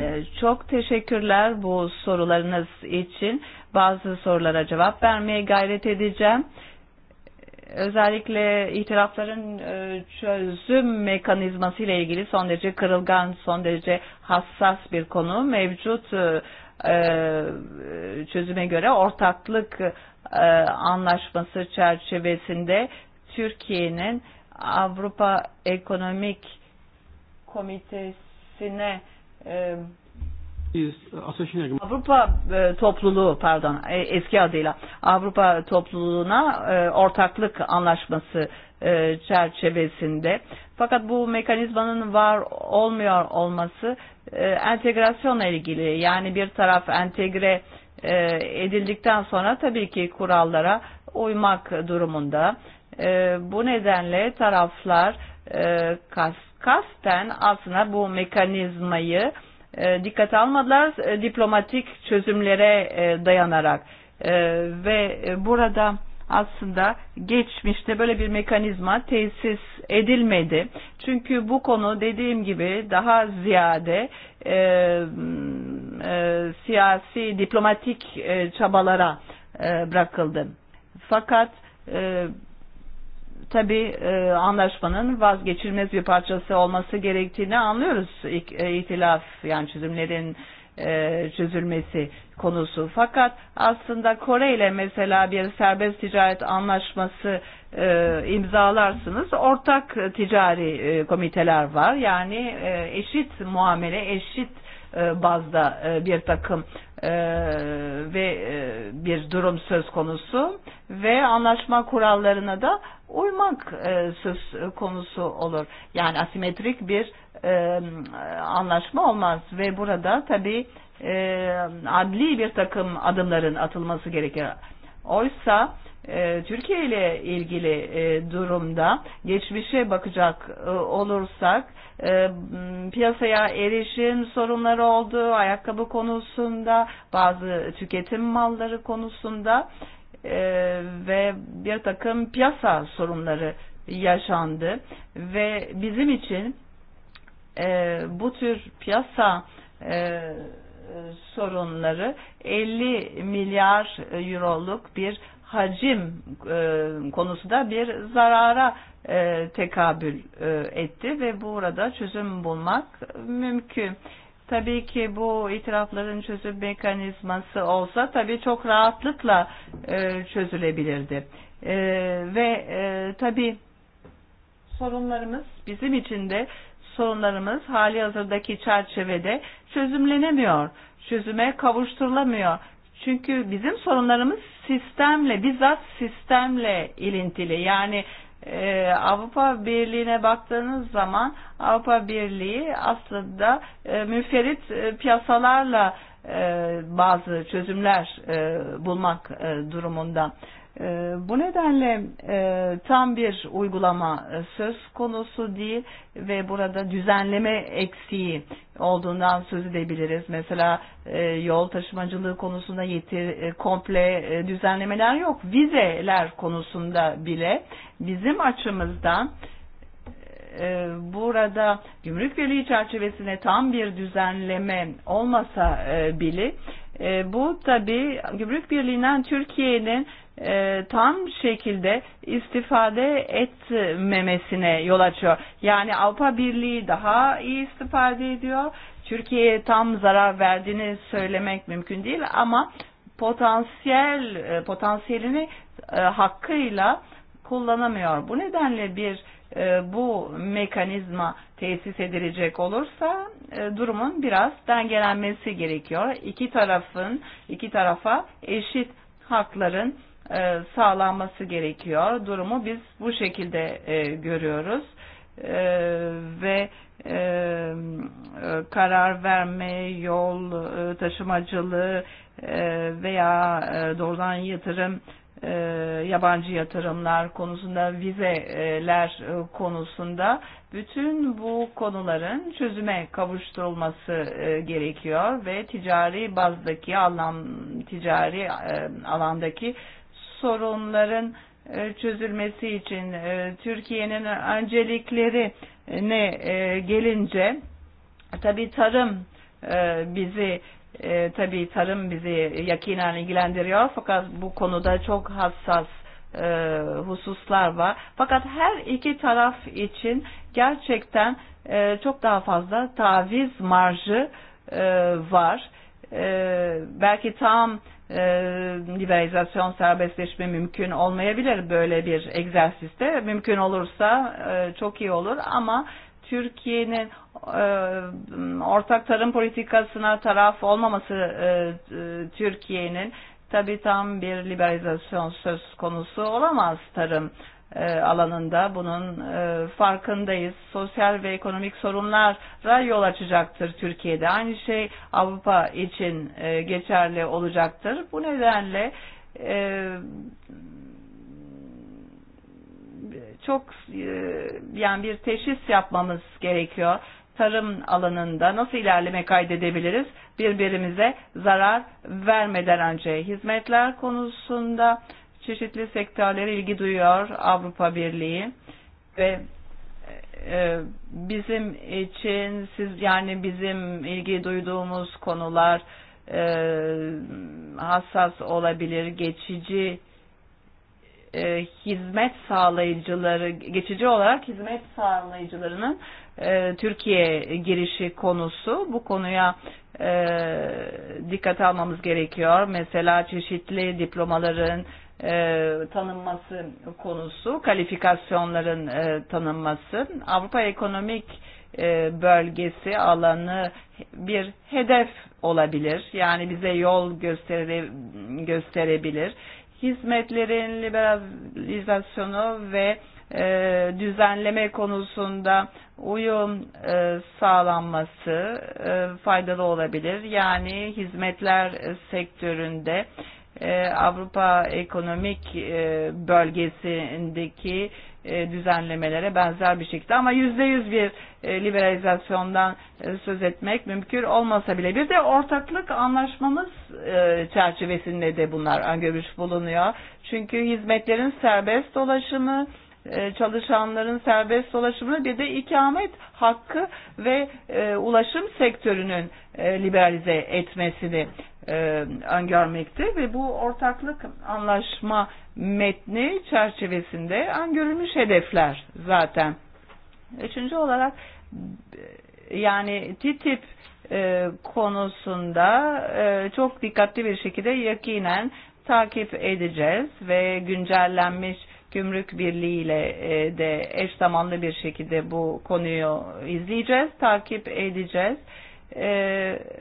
E, çok teşekkürler bu sorularınız için. Bazı sorulara cevap vermeye gayret edeceğim. Özellikle itirafların e, çözüm mekanizması ile ilgili son derece kırılgan, son derece hassas bir konu. Mevcut e, çözüme göre ortaklık anlaşması çerçevesinde Türkiye'nin Avrupa Ekonomik Komitesi'ne Ehm, Avrupa e, topluluğu pardon e, eski adıyla Avrupa topluluğuna e, ortaklık anlaşması çerçevesinde fakat bu mekanizmanın var olmuyor olması entegrasyonla ilgili yani bir taraf entegre edildikten sonra tabii ki kurallara uymak durumunda bu nedenle taraflar kast kasten aslında bu mekanizmayı e, dikkate almadılar e, diplomatik çözümlere e, dayanarak e, ve e, burada aslında geçmişte böyle bir mekanizma tesis edilmedi. Çünkü bu konu dediğim gibi daha ziyade e, e, siyasi, diplomatik e, çabalara e, bırakıldı. Fakat e, tabi e, anlaşmanın vazgeçilmez bir parçası olması gerektiğini anlıyoruz. E, itilaf yani çözümlerin e, çözülmesi konusu. Fakat aslında Kore ile mesela bir serbest ticaret anlaşması e, imzalarsınız. Ortak ticari e, komiteler var. Yani e, eşit muamele, eşit e, bazda e, bir takım E, ve e, bir durum söz konusu ve anlaşma kurallarına da uymak e, söz konusu olur. Yani asimetrik bir e, anlaşma olmaz ve burada tabi e, adli bir takım adımların atılması gerekir. Oysa e, Türkiye ile ilgili durumda geçmişe bakacak olursak e, piyasaya erişim sorunları oldu, ayakkabı konusunda, bazı tüketim malları konusunda e, ve bir takım piyasa sorunları yaşandı ve bizim için e, bu tür piyasa e, sorunları 50 milyar euroluk bir hacim e, bir zarara e, tekabül e, etti ve burada çözüm bulmak mümkün. Tabii ki bu itirafların çözüm mekanizması olsa tabii çok rahatlıkla e, çözülebilirdi. E, ve e, tabii sorunlarımız bizim için de sorunlarımız hali hazırdaki çerçevede çözümlenemiyor, çözüme kavuşturulamıyor. Çünkü bizim sorunlarımız sistemle, bizzat sistemle ilintili. Yani e, Avrupa Birliği'ne baktığınız zaman Avrupa Birliği aslında e, müferit e, piyasalarla e, bazı çözümler e, bulmak e, durumunda. E, Bu nedenle e, tam bir uygulama e, söz konusu değil ve burada düzenleme eksiği olduğundan söz edebiliriz. Mesela e, yol taşımacılığı konusunda yetir, e, komple e, düzenlemeler yok. Vizeler konusunda bile bizim açımızdan e, burada gümrük birliği çerçevesine tam bir düzenleme olmasa e, bile e, bu tabi gümrük birliğinden Türkiye'nin e, tam şekilde istifade etmemesine yol açıyor. Yani Avrupa Birliği daha iyi istifade ediyor. Türkiye'ye tam zarar verdiğini söylemek mümkün değil ama potansiyel e, potansiyelini e, hakkıyla kullanamıyor. Bu nedenle bir e, bu mekanizma tesis edilecek olursa e, durumun biraz dengelenmesi gerekiyor. İki tarafın iki tarafa eşit hakların E, sağlanması gerekiyor. Durumu biz bu şekilde e, görüyoruz e, ve e, e, karar verme, yol e, taşımacılığı e, veya e, doğrudan yatırım e, yabancı yatırımlar konusunda, vizeler e, konusunda bütün bu konuların çözüme kavuşturulması e, gerekiyor ve ticari bazdaki alan ticari e, alandaki sorunların e, çözülmesi için e, Türkiye'nin öncelikleri ne e, gelince tabi tarım bizi tabi tarım bizi yakinen ilgilendiriyor fakat bu konuda çok hassas hususlar var. Fakat her iki taraf için gerçekten çok daha fazla taviz marjı var. Belki tam E, liberalizasyon serbestleşme mümkün olmayabilir böyle bir egzersizde. Mümkün olursa e, çok iyi olur ama Türkiye'nin e, ortak tarım politikasına taraf olmaması e, e Türkiye'nin e, Tabi tam bir liberalizasyon söz konusu olamaz tarım e, alanında. Bunun e, farkındayız. Sosyal ve ekonomik sorunlara yol açacaktır Türkiye'de. Aynı şey Avrupa için e, geçerli olacaktır. Bu nedenle e, çok e, yani bir teşhis yapmamız gerekiyor tarım alanında nasıl ilerleme kaydedebiliriz? Birbirimize zarar vermeden önce hizmetler konusunda çeşitli sektörlere ilgi duyuyor Avrupa Birliği ve e, bizim için siz yani bizim ilgi duyduğumuz konular e, hassas olabilir geçici e, hizmet sağlayıcıları geçici olarak hizmet sağlayıcılarının e, e, Türkiye girişi konusu. Bu konuya e, dikkat almamız gerekiyor. Mesela çeşitli diplomaların e, tanınması konusu, kalifikasyonların e, tanınması. Avrupa ekonomik e, bölgesi alanı bir hedef olabilir. Yani bize yol gösteri, gösterebilir. Hizmetlerin liberalizasyonu ve e, e, düzenleme konusunda uyum e, sağlanması e, faydalı olabilir. Yani hizmetler sektöründe e, Avrupa ekonomik e, bölgesindeki e, düzenlemelere benzer bir şekilde ama yüzde yüz bir e, liberalizasyondan e, söz etmek mümkün olmasa bile bir de ortaklık anlaşmamız e, çerçevesinde de bunlar e, görüş bulunuyor. Çünkü hizmetlerin serbest dolaşımı E, çalışanların serbest dolaşımını bir de ikamet hakkı ve e, ulaşım sektörünün e, liberalize etmesini e, öngörmekte ve bu ortaklık anlaşma metni çerçevesinde öngörülmüş hedefler zaten. Üçüncü olarak yani TTIP e, konusunda e, çok dikkatli bir şekilde yakinen takip edeceğiz ve güncellenmiş gümrük birliğiyle e, de eş zamanlı bir şekilde bu konuyu izleyeceğiz, takip edeceğiz. E,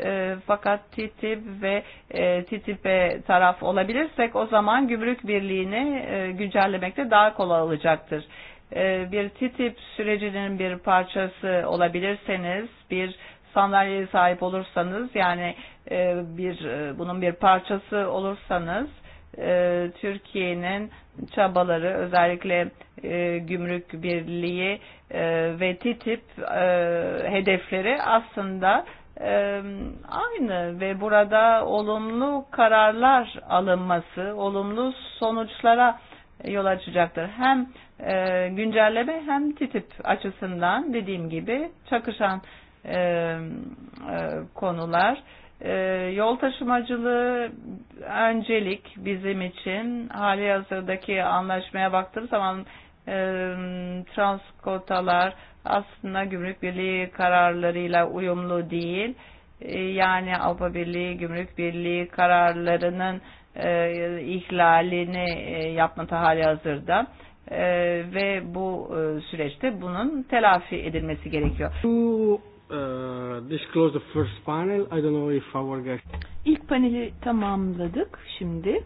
e, fakat TTIP ve e, TTIP'e taraf olabilirsek o zaman gümrük birliğini e, güncellemekte daha kolay olacaktır. E, bir TTIP sürecinin bir parçası olabilirseniz, bir sandalyeye sahip olursanız yani e, bir e, bunun bir parçası olursanız E, Türkiye'nin çabaları özellikle e, gümrük birliği e, ve TTIP e, hedefleri aslında e, aynı ve burada olumlu kararlar alınması, olumlu sonuçlara yol açacaktır. Hem e, güncelleme hem TTIP açısından dediğim gibi çakışan e, e, konular. E, yol taşımacılığı öncelik bizim için. Hali hazırdaki anlaşmaya baktığım zaman e, transkotalar aslında gümrük birliği kararlarıyla uyumlu değil. E, yani Avrupa Birliği gümrük birliği kararlarının e, ihlalini e, yapmada hali hazırda. e, ve bu e, süreçte bunun telafi edilmesi gerekiyor. Bu this uh, close the first panel. I don't know if our guest... İlk paneli tamamladık şimdi.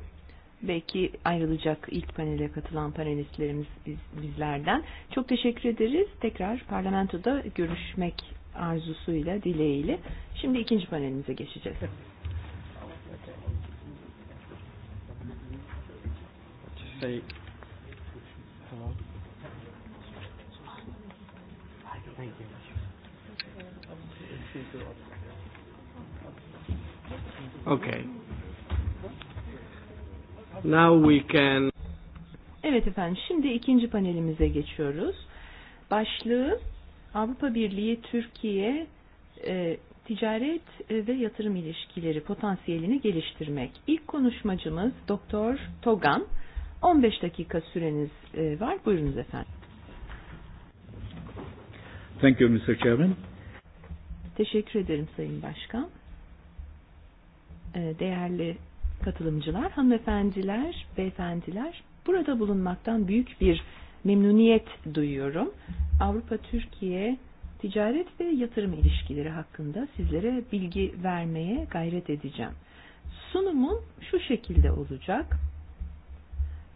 Belki ayrılacak ilk panele katılan panelistlerimiz biz, bizlerden. Çok teşekkür ederiz. Tekrar parlamentoda görüşmek arzusuyla, dileğiyle. Şimdi ikinci panelimize geçeceğiz. Say Okay. Now we can... Evet efendim şimdi ikinci panelimize geçiyoruz. Başlığı Avrupa Birliği Türkiye e, ticaret e, ve yatırım ilişkileri potansiyelini geliştirmek. İlk konuşmacımız Doktor Togan. 15 dakika süreniz e, var. Buyurunuz efendim. Thank you Mr. Chairman. Teşekkür ederim Sayın Başkan. Eh, Değerli katılımcılar, hanımefendiler, beyefendiler, burada bulunmaktan büyük bir memnuniyet duyuyorum. Avrupa-Türkiye ticaret ve yatırım ilişkileri hakkında sizlere bilgi vermeye gayret edeceğim. Sunumum şu şekilde olacak.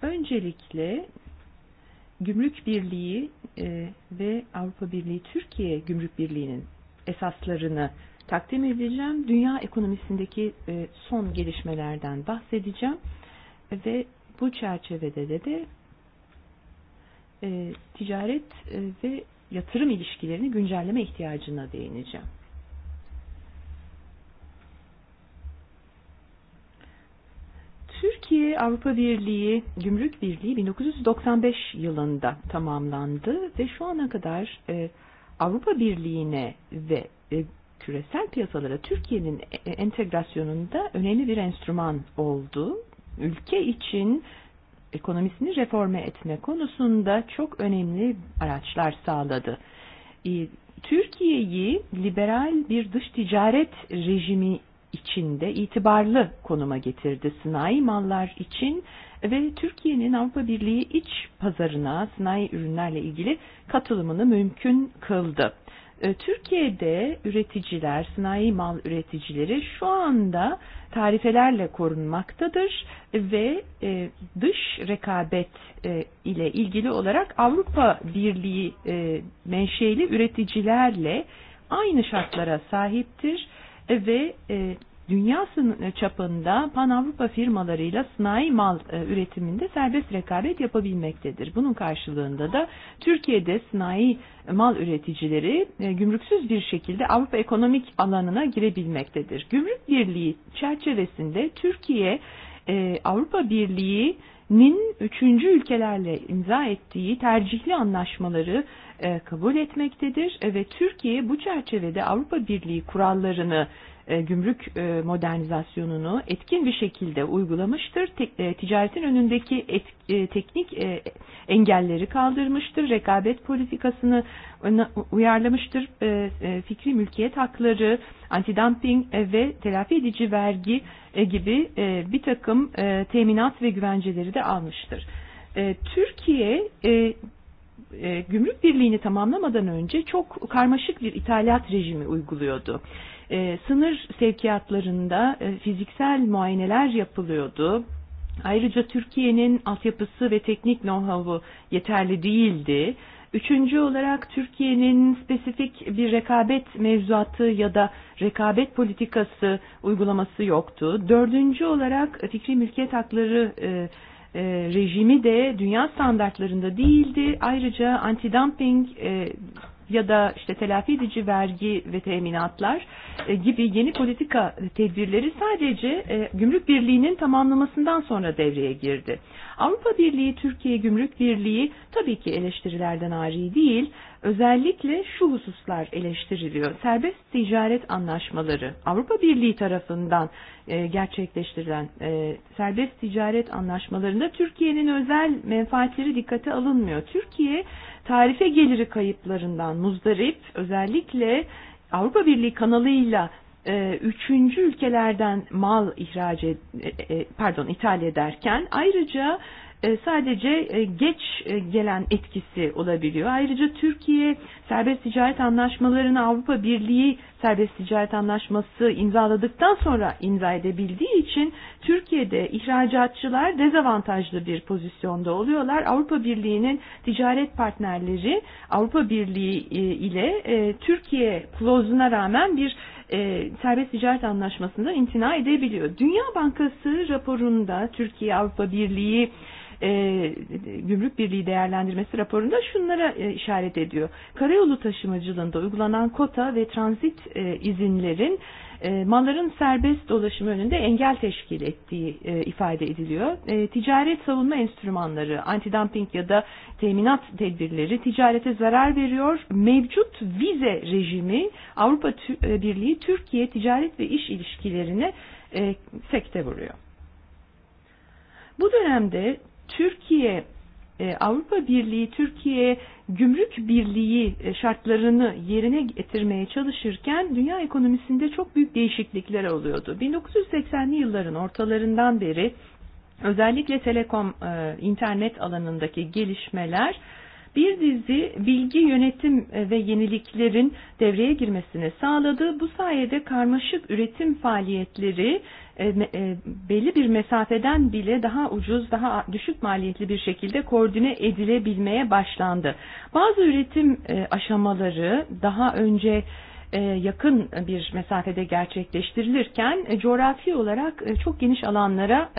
Öncelikle Gümrük Birliği eh, ve Avrupa Birliği Türkiye Gümrük Birliği'nin esaslarını takdim edeceğim. Dünya ekonomisindeki e, son gelişmelerden bahsedeceğim ve bu çerçevede de, de e, ticaret e, ve yatırım ilişkilerini güncelleme ihtiyacına değineceğim. Türkiye Avrupa Birliği Gümrük Birliği 1995 yılında tamamlandı ve şu ana kadar e, Avrupa Birliği'ne ve e, küresel piyasalara Türkiye'nin e, e, entegrasyonunda önemli bir enstrüman oldu. Ülke için ekonomisini reforme etme konusunda çok önemli araçlar sağladı. E, Türkiye'yi liberal bir dış ticaret rejimi içinde itibarlı konuma getirdi sınai mallar için ve Türkiye'nin Avrupa Birliği iç pazarına sınai ürünlerle ilgili katılımını mümkün kıldı. E, Türkiye'de üreticiler, sınai mal üreticileri şu anda tarifelerle korunmaktadır ve e, dış rekabet e, ile ilgili olarak Avrupa Birliği e, menşeli üreticilerle aynı şartlara sahiptir ve e, dünya çapında Pan-Avrupa firmalarıyla sınai mal e, üretiminde serbest rekabet yapabilmektedir. Bunun karşılığında da Türkiye'de sınai mal üreticileri e, gümrüksüz bir şekilde Avrupa ekonomik alanına girebilmektedir. Gümrük Birliği çerçevesinde Türkiye e, Avrupa Birliği'nin üçüncü ülkelerle imza ettiği tercihli anlaşmaları e, kabul etmektedir e, ve Türkiye bu çerçevede Avrupa Birliği kurallarını e, gümrük e, modernizasyonunu etkin bir şekilde uygulamıştır. Te, e, ticaretin önündeki et, e, teknik e, engelleri kaldırmıştır. Rekabet politikasını uyarlamıştır. E, e, fikri mülkiyet hakları, antidumping e, ve telafi edici vergi e, gibi e, bir takım e, teminat ve güvenceleri de almıştır. E, Türkiye e, e, gümrük birliğini tamamlamadan önce çok karmaşık bir ithalat rejimi uyguluyordu. E, sınır sevkiyatlarında e, fiziksel muayeneler yapılıyordu. Ayrıca Türkiye'nin altyapısı ve teknik know-how'u yeterli değildi. Üçüncü olarak Türkiye'nin spesifik bir rekabet mevzuatı ya da rekabet politikası uygulaması yoktu. Dördüncü olarak fikri mülkiyet hakları e, e, rejimi de dünya standartlarında değildi. Ayrıca dumping e, ya da işte telafi edici vergi ve teminatlar e, gibi yeni politika tedbirleri sadece e, gümrük birliğinin tamamlamasından sonra devreye girdi. Avrupa Birliği Türkiye Gümrük Birliği tabii ki eleştirilerden ayrı değil. Özellikle şu hususlar eleştiriliyor. Serbest ticaret anlaşmaları Avrupa Birliği tarafından e, gerçekleştirilen e, serbest ticaret anlaşmalarında Türkiye'nin özel menfaatleri dikkate alınmıyor. Türkiye tarife geliri kayıplarından muzdarip özellikle Avrupa Birliği kanalıyla e, üçüncü ülkelerden mal ihraç e, e, pardon ithal ederken ayrıca E, sadece e, geç e, gelen etkisi olabiliyor. Ayrıca Türkiye serbest ticaret anlaşmalarını Avrupa Birliği serbest ticaret anlaşması imzaladıktan sonra imza edebildiği için Türkiye'de ihracatçılar dezavantajlı bir pozisyonda oluyorlar. Avrupa Birliği'nin ticaret partnerleri Avrupa Birliği ile Türkiye klozuna rağmen bir e, serbest ticaret anlaşmasından intina edebiliyor. Dünya Bankası raporunda Türkiye Avrupa Birliği e, Gümrük Birliği değerlendirmesi raporunda şunlara e, işaret ediyor. Karayolu taşımacılığında uygulanan kota ve transit e, izinlerin e, malların serbest dolaşımı önünde engel teşkil ettiği e, ifade ediliyor. E, ticaret savunma enstrümanları, antidumping ya da teminat tedbirleri ticarete zarar veriyor. Mevcut vize rejimi Avrupa e, Birliği Türkiye ticaret ve iş ilişkilerine e, sekte vuruyor. Bu dönemde Türkiye e, Avrupa Birliği, Türkiye gümrük birliği e, şartlarını yerine getirmeye çalışırken dünya ekonomisinde çok büyük değişiklikler oluyordu. 1980'li yılların ortalarından beri özellikle telekom e, internet alanındaki gelişmeler bir dizi bilgi yönetim ve yeniliklerin devreye girmesini sağladı. Bu sayede karmaşık üretim faaliyetleri belli bir mesafeden bile daha ucuz, daha düşük maliyetli bir şekilde koordine edilebilmeye başlandı. Bazı üretim e, aşamaları daha önce e, yakın bir mesafede gerçekleştirilirken e, coğrafi olarak çok geniş alanlara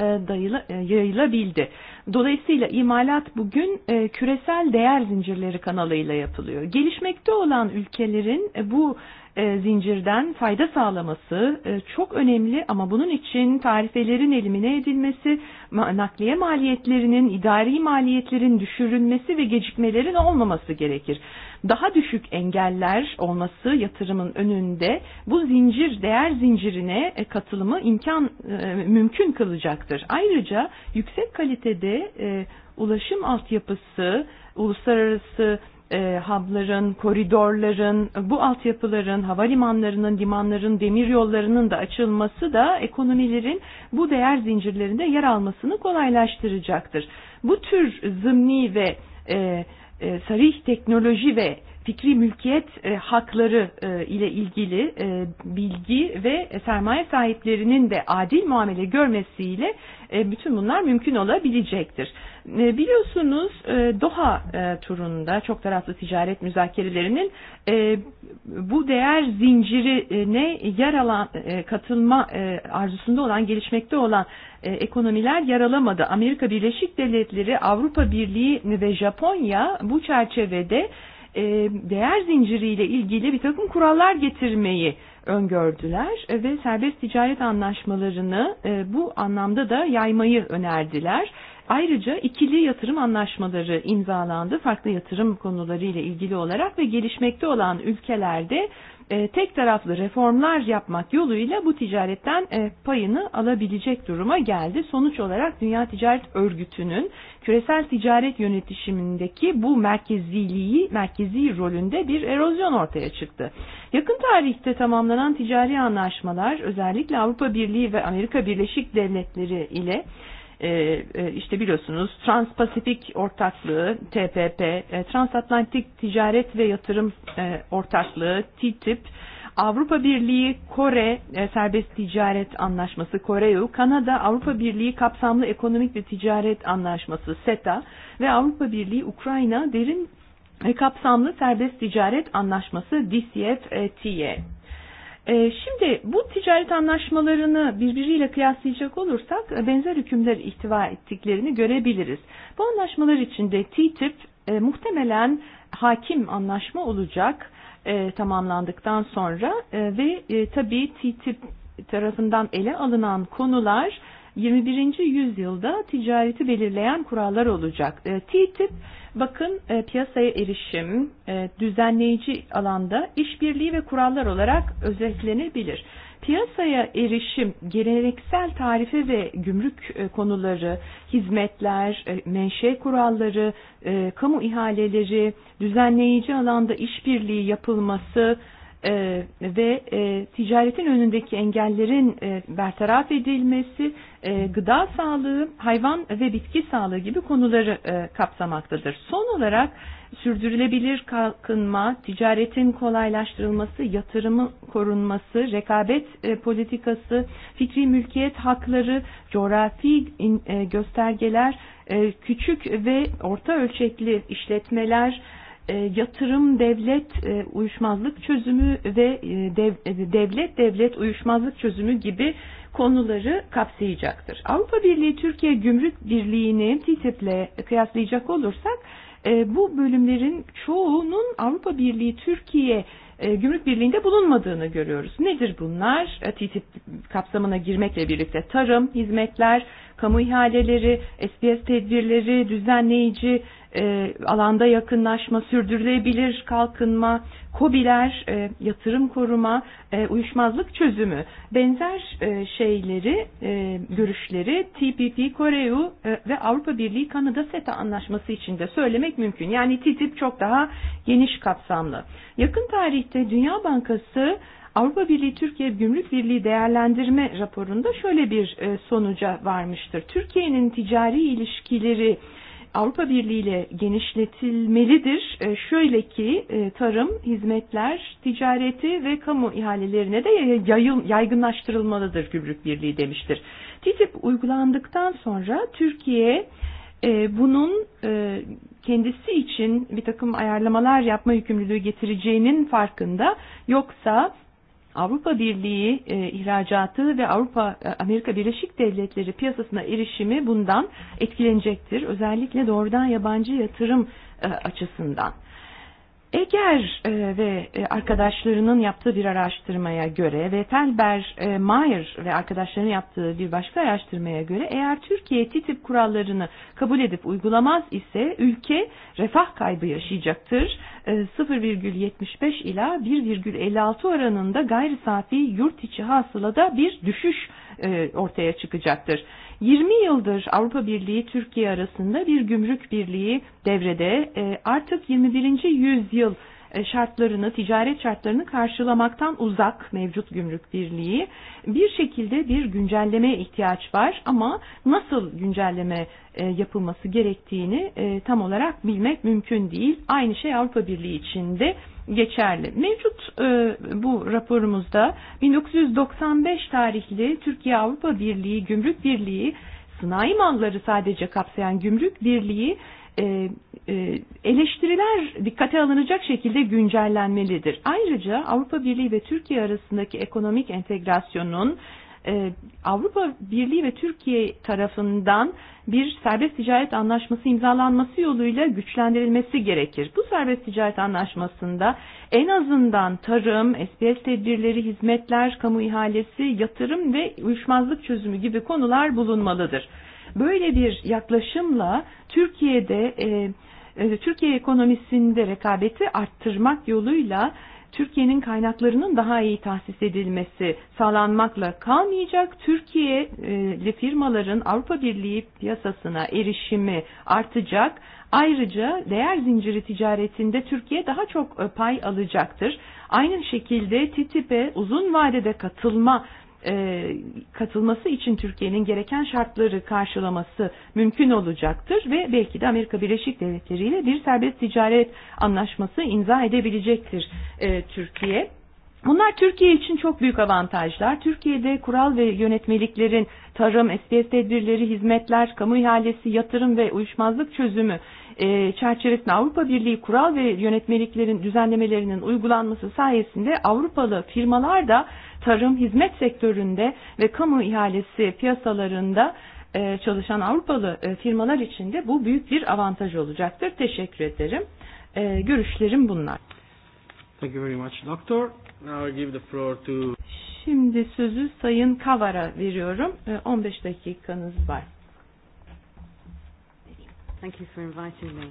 yayılabildi. Dolayısıyla imalat bugün küresel değer zincirleri kanalıyla yapılıyor. Gelişmekte olan ülkelerin bu e, zincirden fayda sağlaması e, çok önemli ama bunun için tarifelerin elimine edilmesi, nakliye maliyetlerinin, idari maliyetlerin düşürülmesi ve gecikmelerin olmaması gerekir. Daha düşük engeller olması yatırımın önünde bu zincir değer zincirine e, katılımı imkan e, mümkün kılacaktır. Ayrıca yüksek kalitede e, ulaşım altyapısı, uluslararası e, hubların, koridorların, bu altyapıların, havalimanlarının, limanların, demir yollarının da açılması da ekonomilerin bu değer zincirlerinde yer almasını kolaylaştıracaktır. Bu tür zımni ve e, e, sarih teknoloji ve fikri mülkiyet e, hakları e, ile ilgili e, bilgi ve sermaye sahiplerinin de adil muamele görmesiyle e, bütün bunlar mümkün olabilecektir biliyorsunuz e, Doha e, turunda çok taraflı ticaret müzakerelerinin e, bu değer zincirine yer alan katılma arzusunda olan gelişmekte olan e, ekonomiler yaralamadı. Amerika Birleşik Devletleri, Avrupa Birliği ve Japonya bu çerçevede değer zinciriyle ilgili bir takım kurallar getirmeyi öngördüler ve serbest ticaret anlaşmalarını bu anlamda da yaymayı önerdiler Ayrıca ikili yatırım anlaşmaları imzalandı farklı yatırım konularıyla ilgili olarak ve gelişmekte olan ülkelerde e, tek taraflı reformlar yapmak yoluyla bu ticaretten e, payını alabilecek duruma geldi. Sonuç olarak Dünya Ticaret Örgütü'nün küresel ticaret yönetişimindeki bu merkeziliği, merkezi rolünde bir erozyon ortaya çıktı. Yakın tarihte tamamlanan ticari anlaşmalar özellikle Avrupa Birliği ve Amerika Birleşik Devletleri ile E, e, işte biliyorsunuz Trans-Pasifik Ortaklığı TPP, e, Transatlantik Ticaret ve Yatırım Ortaklığı TTIP, Avrupa Birliği Kore e, Serbest Ticaret Anlaşması Koreu, Kanada Avrupa Birliği Kapsamlı Ekonomik ve Ticaret Anlaşması SETA ve Avrupa Birliği Ukrayna Derin e, Kapsamlı Serbest Ticaret Anlaşması DCFTA. E, şimdi bu ticaret anlaşmalarını birbiriyle kıyaslayacak olursak e, benzer hükümler ihtiva ettiklerini görebiliriz. Bu anlaşmalar içinde TTIP e, muhtemelen hakim anlaşma olacak e, tamamlandıktan sonra e, ve e, tabii TTIP tarafından ele alınan konular 21. yüzyılda ticareti belirleyen kurallar olacak. E, TTIP bakın e, piyasaya erişim, e, düzenleyici alanda işbirliği ve kurallar olarak özetlenebilir. Piyasaya erişim, geleneksel tarife ve gümrük e, konuları, hizmetler, e, menşe kuralları, e, kamu ihaleleri, düzenleyici alanda işbirliği yapılması, e, ve e, ticaretin önündeki engellerin e, bertaraf edilmesi, e, gıda sağlığı, hayvan ve bitki sağlığı gibi konuları e, kapsamaktadır. Son olarak sürdürülebilir kalkınma, ticaretin kolaylaştırılması, yatırımı korunması, rekabet e, politikası, fikri mülkiyet hakları, coğrafi in, e, göstergeler, e, küçük ve orta ölçekli işletmeler, E, yatırım devlet e, uyuşmazlık çözümü ve e, dev, devlet devlet uyuşmazlık çözümü gibi konuları kapsayacaktır. Avrupa Birliği Türkiye Gümrük Birliği'ni TTIP'le kıyaslayacak olursak bu bölümlerin çoğunun Avrupa Birliği Türkiye Gümrük Birliği'nde bulunmadığını görüyoruz. Nedir bunlar? TTIP kapsamına girmekle birlikte tarım, hizmetler, kamu ihaleleri, SPS tedbirleri, düzenleyici e, alanda yakınlaşma, sürdürülebilir kalkınma, kobiler, e, yatırım koruma, e, uyuşmazlık çözümü benzer e, şeyleri, e, görüşleri TPP, Koreu e, ve Avrupa Birliği Kanada SETA anlaşması içinde söylemek mümkün. Yani TTIP çok daha geniş kapsamlı. Yakın tarihte Dünya Bankası Avrupa Birliği Türkiye Gümrük Birliği değerlendirme raporunda şöyle bir e, sonuca varmıştır. Türkiye'nin ticari ilişkileri Avrupa Birliği ile genişletilmelidir. E, şöyle ki e, tarım, hizmetler, ticareti ve kamu ihalelerine de yaygınlaştırılmalıdır Gümrük Birliği demiştir. TTIP uygulandıktan sonra Türkiye e, bunun e, kendisi için bir takım ayarlamalar yapma yükümlülüğü getireceğinin farkında yoksa Avrupa Birliği e, ihracatı ve Avrupa e, Amerika Birleşik Devletleri piyasasına erişimi bundan etkilenecektir. Özellikle doğrudan yabancı yatırım e, açısından. Eğer e, ve e, arkadaşlarının yaptığı bir araştırmaya göre ve Telber e, Mayer ve arkadaşlarının yaptığı bir başka araştırmaya göre eğer Türkiye TTIP kurallarını kabul edip uygulamaz ise ülke refah kaybı yaşayacaktır. E, 0,75 ila 1,56 oranında gayri safi yurt içi hasılada bir düşüş e, ortaya çıkacaktır. 20 yıldır Avrupa Birliği Türkiye arasında bir gümrük birliği devrede. E, artık 21. yüzyıl şartlarını, ticaret şartlarını karşılamaktan uzak mevcut gümrük birliği. Bir şekilde bir güncellemeye ihtiyaç var ama nasıl güncelleme e, yapılması gerektiğini e, tam olarak bilmek mümkün değil. Aynı şey Avrupa Birliği içinde geçerli. Mevcut e, bu raporumuzda 1995 tarihli Türkiye Avrupa Birliği Gümrük Birliği sınai malları sadece kapsayan gümrük birliği e, e, eleştiriler dikkate alınacak şekilde güncellenmelidir. Ayrıca Avrupa Birliği ve Türkiye arasındaki ekonomik entegrasyonun e, Avrupa Birliği ve Türkiye tarafından bir serbest ticaret anlaşması imzalanması yoluyla güçlendirilmesi gerekir. Bu serbest ticaret anlaşmasında en azından tarım, SPS tedbirleri, hizmetler, kamu ihalesi, yatırım ve uyuşmazlık çözümü gibi konular bulunmalıdır. Böyle bir yaklaşımla Türkiye'de e, e, Türkiye ekonomisinde rekabeti arttırmak yoluyla Türkiye'nin kaynaklarının daha iyi tahsis edilmesi sağlanmakla kalmayacak. Türkiye'li firmaların Avrupa Birliği piyasasına erişimi artacak. Ayrıca değer zinciri ticaretinde Türkiye daha çok e, pay alacaktır. Aynı şekilde TTIP'e uzun vadede katılma e, katılması için Türkiye'nin gereken şartları karşılaması mümkün olacaktır ve belki de Amerika Birleşik Devletleri ile bir serbest ticaret anlaşması imza edebilecektir e, Türkiye. Bunlar Türkiye için çok büyük avantajlar. Türkiye'de kural ve yönetmeliklerin tarım, SPS tedbirleri, hizmetler, kamu ihalesi, yatırım ve uyuşmazlık çözümü e, çerçevesinde Avrupa Birliği kural ve yönetmeliklerin düzenlemelerinin uygulanması sayesinde Avrupalı firmalar da tarım hizmet sektöründe ve kamu ihalesi piyasalarında e, çalışan Avrupalı e, firmalar için de bu büyük bir avantaj olacaktır. Teşekkür ederim. E, görüşlerim bunlar. Thank you very much, Doctor. Now I give the floor to... Şimdi sözü Sayın Kavar'a veriyorum. 15 e, dakikanız var. Thank you for inviting me.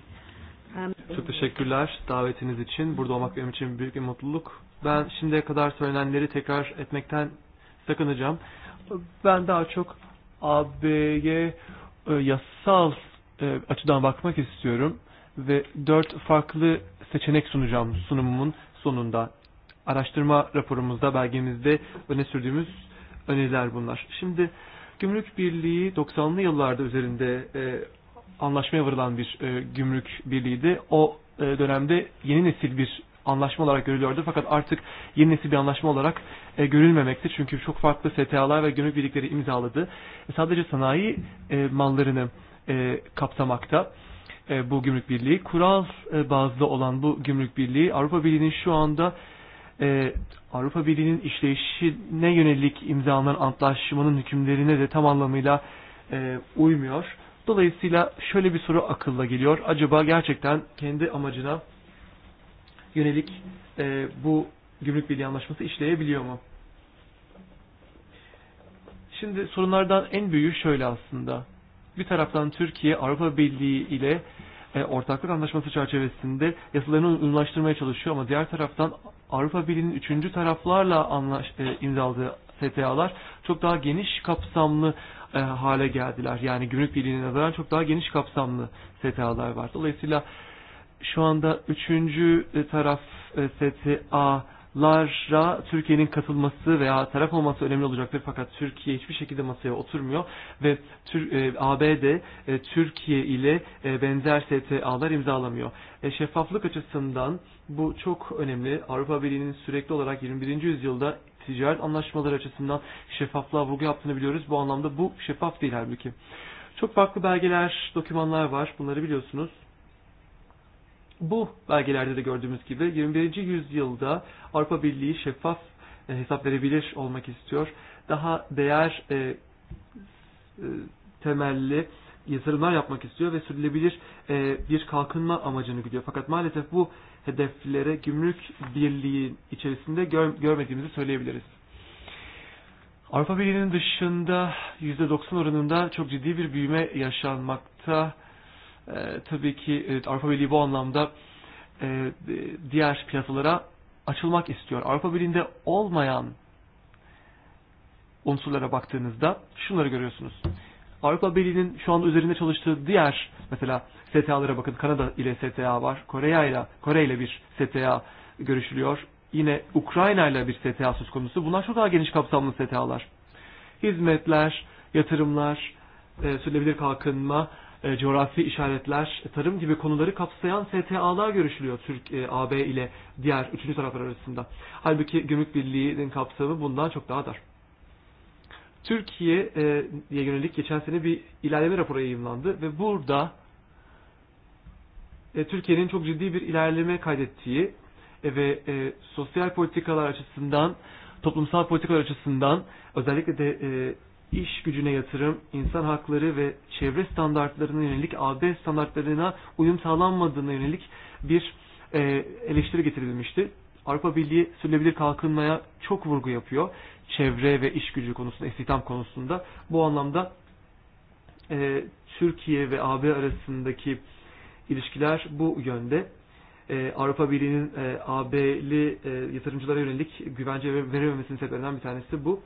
Um, çok teşekkürler davetiniz için. Burada olmak benim için büyük bir mutluluk. Ben şimdiye kadar söylenenleri tekrar etmekten sakınacağım. Ben daha çok AB'ye yasal e, açıdan bakmak istiyorum ve dört farklı seçenek sunacağım sunumumun sonunda. Araştırma raporumuzda, belgemizde öne sürdüğümüz öneriler bunlar. Şimdi Gümrük Birliği 90'lı yıllarda üzerinde e, anlaşmaya varılan bir e, gümrük birliğiydi. O e, dönemde yeni nesil bir anlaşma olarak görülüyordu. Fakat artık yeni nesil bir anlaşma olarak e, görülmemekte. Çünkü çok farklı STA'lar ve gümrük birlikleri imzaladı. E, sadece sanayi e, mallarını e, kapsamakta e, bu gümrük birliği. Kural e, bazlı olan bu gümrük birliği Avrupa Birliği'nin şu anda e, Avrupa Birliği'nin işleyişine yönelik imzalanan antlaşmanın hükümlerine de tam anlamıyla e, uymuyor. Dolayısıyla şöyle bir soru akılla geliyor. Acaba gerçekten kendi amacına yönelik e, bu gümrük birliği anlaşması işleyebiliyor mu? Şimdi sorunlardan en büyüğü şöyle aslında. Bir taraftan Türkiye Avrupa Birliği ile e, ortaklık anlaşması çerçevesinde yasalarını uyumlaştırmaya çalışıyor ama diğer taraftan Avrupa Birliği'nin üçüncü taraflarla anlaş, e, imzaladığı STA'lar çok daha geniş kapsamlı e, hale geldiler. Yani gümrük birliğine nazaran çok daha geniş kapsamlı STA'lar var. Dolayısıyla şu anda üçüncü e, taraf e, STA STA'lara Türkiye'nin katılması veya taraf olması önemli olacaktır. Fakat Türkiye hiçbir şekilde masaya oturmuyor ve Tür e, ABD e, Türkiye ile e, benzer STA'lar imzalamıyor. E, şeffaflık açısından bu çok önemli. Avrupa Birliği'nin sürekli olarak 21. yüzyılda ticaret anlaşmaları açısından şeffaflığa vurgu yaptığını biliyoruz. Bu anlamda bu şeffaf değil halbuki. Çok farklı belgeler, dokümanlar var. Bunları biliyorsunuz. Bu belgelerde de gördüğümüz gibi 21. yüzyılda Avrupa Birliği şeffaf e, hesap verebilir olmak istiyor. Daha değer e, e, temelli yatırımlar yapmak istiyor ve sürülebilir e, bir kalkınma amacını gidiyor. Fakat maalesef bu hedeflere gümrük birliği içerisinde gör, görmediğimizi söyleyebiliriz. Avrupa Birliği'nin dışında %90 oranında çok ciddi bir büyüme yaşanmakta. Ee, tabii ki evet, Avrupa Birliği bu anlamda e, diğer piyasalara açılmak istiyor. Avrupa Birliği'nde olmayan unsurlara baktığınızda şunları görüyorsunuz. Avrupa Birliği'nin şu anda üzerinde çalıştığı diğer mesela STA'lara bakın Kanada ile STA var. Koreya ile Kore ile bir STA görüşülüyor. Yine Ukrayna ile bir STA söz konusu. Bunlar çok daha geniş kapsamlı STA'lar. Hizmetler, yatırımlar, e, sürdürülebilir kalkınma, e, coğrafi işaretler, tarım gibi konuları kapsayan STA'lar görüşülüyor Türk e, AB ile diğer üçüncü taraflar arasında. Halbuki Gümrük Birliği'nin kapsamı bundan çok daha dar. Türkiye'ye yönelik geçen sene bir ilerleme raporu yayınlandı ve burada E, Türkiye'nin çok ciddi bir ilerleme kaydettiği e, ve e, sosyal politikalar açısından, toplumsal politikalar açısından özellikle de e, iş gücüne yatırım, insan hakları ve çevre standartlarına yönelik AB standartlarına uyum sağlanmadığına yönelik bir e, eleştiri getirilmişti. Avrupa Birliği sürülebilir kalkınmaya çok vurgu yapıyor. Çevre ve iş gücü konusunda, istihdam konusunda. Bu anlamda e, Türkiye ve AB arasındaki ilişkiler bu yönde. E, Avrupa Birliği'nin e, AB'li e, yatırımcılara yönelik güvence verememesinin sebeplerinden bir tanesi bu.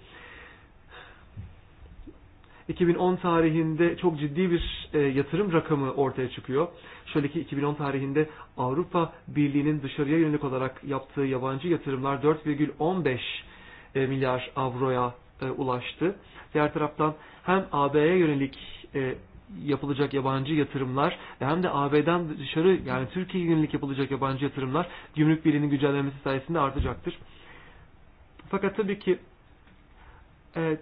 2010 tarihinde çok ciddi bir e, yatırım rakamı ortaya çıkıyor. Şöyle ki 2010 tarihinde Avrupa Birliği'nin dışarıya yönelik olarak yaptığı yabancı yatırımlar 4,15 e, milyar avroya e, ulaştı. Diğer taraftan hem AB'ye yönelik e, yapılacak yabancı yatırımlar ve hem de AB'den dışarı yani Türkiye yönelik yapılacak yabancı yatırımlar gümrük birliğinin güncellenmesi sayesinde artacaktır. Fakat tabii ki e,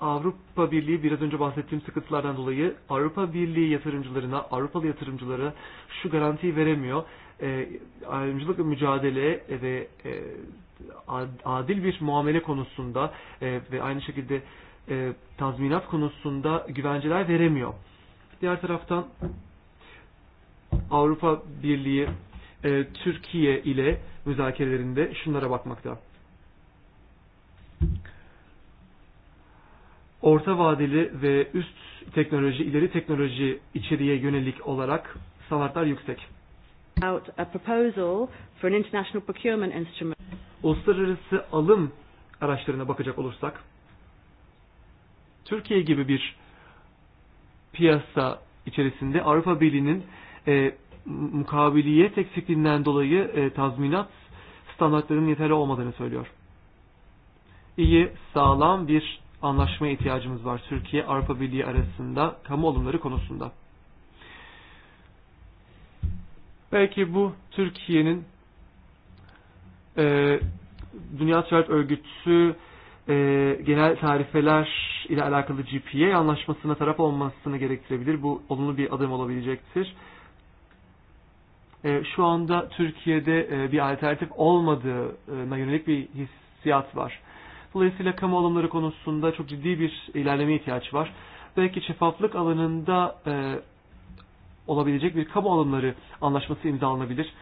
Avrupa Birliği biraz önce bahsettiğim sıkıntılardan dolayı Avrupa Birliği yatırımcılarına, Avrupalı yatırımcılara şu garantiyi veremiyor. E, ayrımcılık mücadele e, ve e, adil bir muamele konusunda e, ve aynı şekilde e, tazminat konusunda güvenceler veremiyor. Diğer taraftan Avrupa Birliği e, Türkiye ile müzakerelerinde şunlara bakmakta. Orta vadeli ve üst teknoloji, ileri teknoloji içeriye yönelik olarak standartlar yüksek. Out a proposal for an international procurement instrument. Uluslararası alım araçlarına bakacak olursak, Türkiye gibi bir piyasa içerisinde Avrupa Birliği'nin e, mukabiliyet eksikliğinden dolayı e, tazminat standartlarının yeterli olmadığını söylüyor. İyi, sağlam bir anlaşmaya ihtiyacımız var Türkiye Avrupa Birliği arasında kamu alımları konusunda. Belki bu Türkiye'nin e, Dünya Ticaret Örgütü E, genel tarifeler ile alakalı GPA anlaşmasına taraf olmasını gerektirebilir. Bu olumlu bir adım olabilecektir. E, Şu anda Türkiye'de e, bir alternatif olmadığına yönelik bir hissiyat var. Dolayısıyla kamu alımları konusunda çok ciddi bir ilerleme ihtiyaç var. Belki şeffaflık alanında e, olabilecek bir kamu alımları anlaşması imzalanabilir.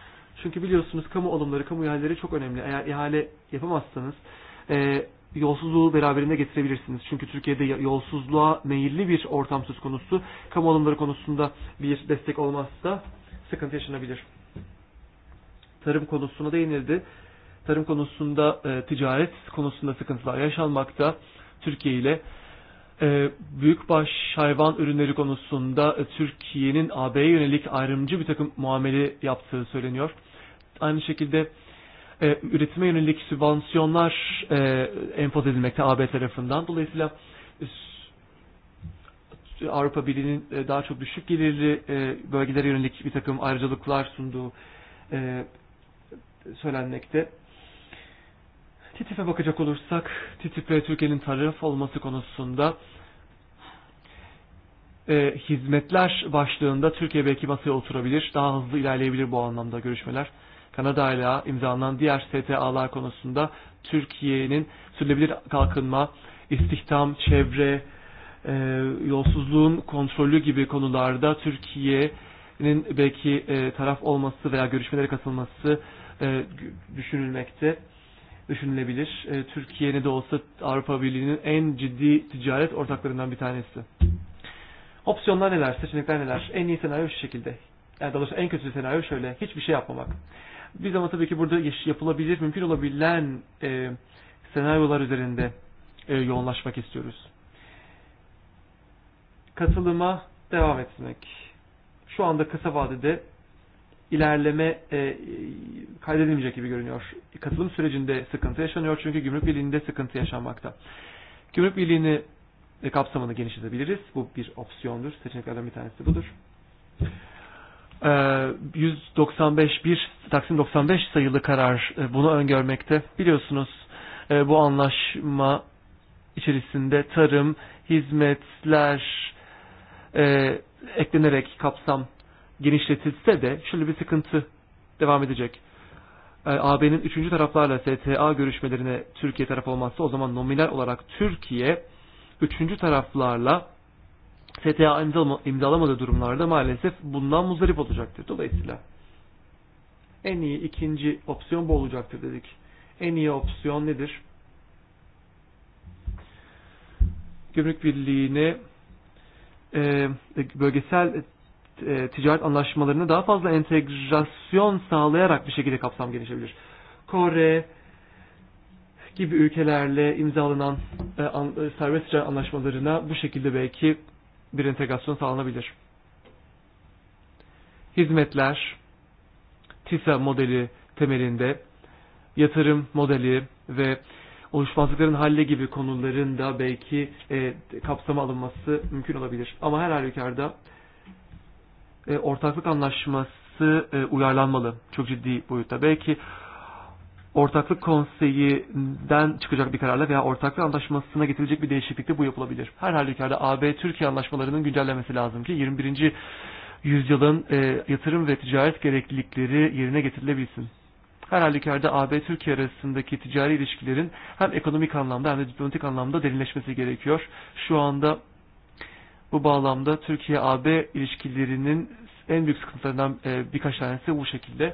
Çünkü biliyorsunuz kamu alımları, kamu ihaleleri çok önemli. Eğer ihale yapamazsanız E, yolsuzluğu beraberinde getirebilirsiniz. Çünkü Türkiye'de yolsuzluğa meyilli bir ortam söz konusu. Kamu alımları konusunda bir destek olmazsa sıkıntı yaşanabilir. Tarım konusuna değinildi. Tarım konusunda e, ticaret konusunda sıkıntılar yaşanmakta. Türkiye ile e, büyükbaş hayvan ürünleri konusunda e, Türkiye'nin AB'ye yönelik ayrımcı bir takım muamele yaptığı söyleniyor. Aynı şekilde e, E, Rrit smejn li ksubvenzjonax e, enfozid il-mektaqabet referendantu li jisla Avrupa Birliği'nin e, daha çok düşük gelirli bölgelere yönelik bir takım Titi fe söylenmekte. TTIP'e bakacak olursak, TTIP'e Türkiye'nin taraf olması konusunda e, hizmetler başlığında Türkiye belki masaya oturabilir, daha hızlı ilerleyebilir bu anlamda görüşmeler. Kanada ile imzalanan diğer STA'lar konusunda Türkiye'nin sürdürülebilir kalkınma, istihdam, çevre, e, yolsuzluğun kontrolü gibi konularda Türkiye'nin belki e, taraf olması veya görüşmelere katılması e, düşünülmekte düşünülebilir. E, Türkiye'nin de olsa Avrupa Birliği'nin en ciddi ticaret ortaklarından bir tanesi. Opsiyonlar neler, seçenekler neler? En iyi senaryo şu şekilde. Yani daha doğrusu en kötü senaryo şöyle, hiçbir şey yapmamak. Bir zaman tabii ki burada yapılabilir, mümkün olabilen e, senaryolar üzerinde e, yoğunlaşmak istiyoruz. Katılıma devam etmek. Şu anda kısa vadede ilerleme e, e, kaydedilmeyecek gibi görünüyor. Katılım sürecinde sıkıntı yaşanıyor çünkü gümrük birliğinde sıkıntı yaşanmakta. Gümrük birliğini e, kapsamını genişletebiliriz. Bu bir opsiyondur. Seçeneklerden bir tanesi budur. 195 1 Taksim 95 sayılı karar e, bunu öngörmekte. Biliyorsunuz e, bu anlaşma içerisinde tarım, hizmetler e, eklenerek kapsam genişletilse de şöyle bir sıkıntı devam edecek. AB'nin üçüncü taraflarla STA görüşmelerine Türkiye taraf olmazsa o zaman nominal olarak Türkiye üçüncü taraflarla STA imzalamadığı durumlarda maalesef bundan muzdarip olacaktır. Dolayısıyla en iyi ikinci opsiyon bu olacaktır dedik. En iyi opsiyon nedir? Gümrük Birliği'ni e, e, bölgesel e, e ticaret anlaşmalarını daha fazla entegrasyon sağlayarak bir şekilde kapsam genişlebilir. Kore gibi ülkelerle imzalanan e, an, e, serbest ticaret anlaşmalarına bu şekilde belki bir entegrasyon sağlanabilir. Hizmetler tisa modeli temelinde yatırım modeli ve oluşmazlıkların halle gibi konuların da belki e, kapsama alınması mümkün olabilir. Ama her halükarda e, ortaklık anlaşması e, uyarlanmalı. Çok ciddi boyutta. Belki ortaklı konseyi den çıkacak bir kararla veya ortaklı anlaşmasına getirecek bir değişiklikte bu yapılabilir. Her halükarda AB-Türkiye anlaşmalarının güncellemesi lazım ki 21. yüzyılın e, yatırım ve ticaret gereklilikleri yerine getirilebilsin. Her halükarda AB-Türkiye arasındaki ticari ilişkilerin hem ekonomik anlamda hem de diplomatik anlamda derinleşmesi gerekiyor. Şu anda bu bağlamda Türkiye-AB ilişkilerinin en büyük sıkıntılarından e, birkaç tanesi bu şekilde.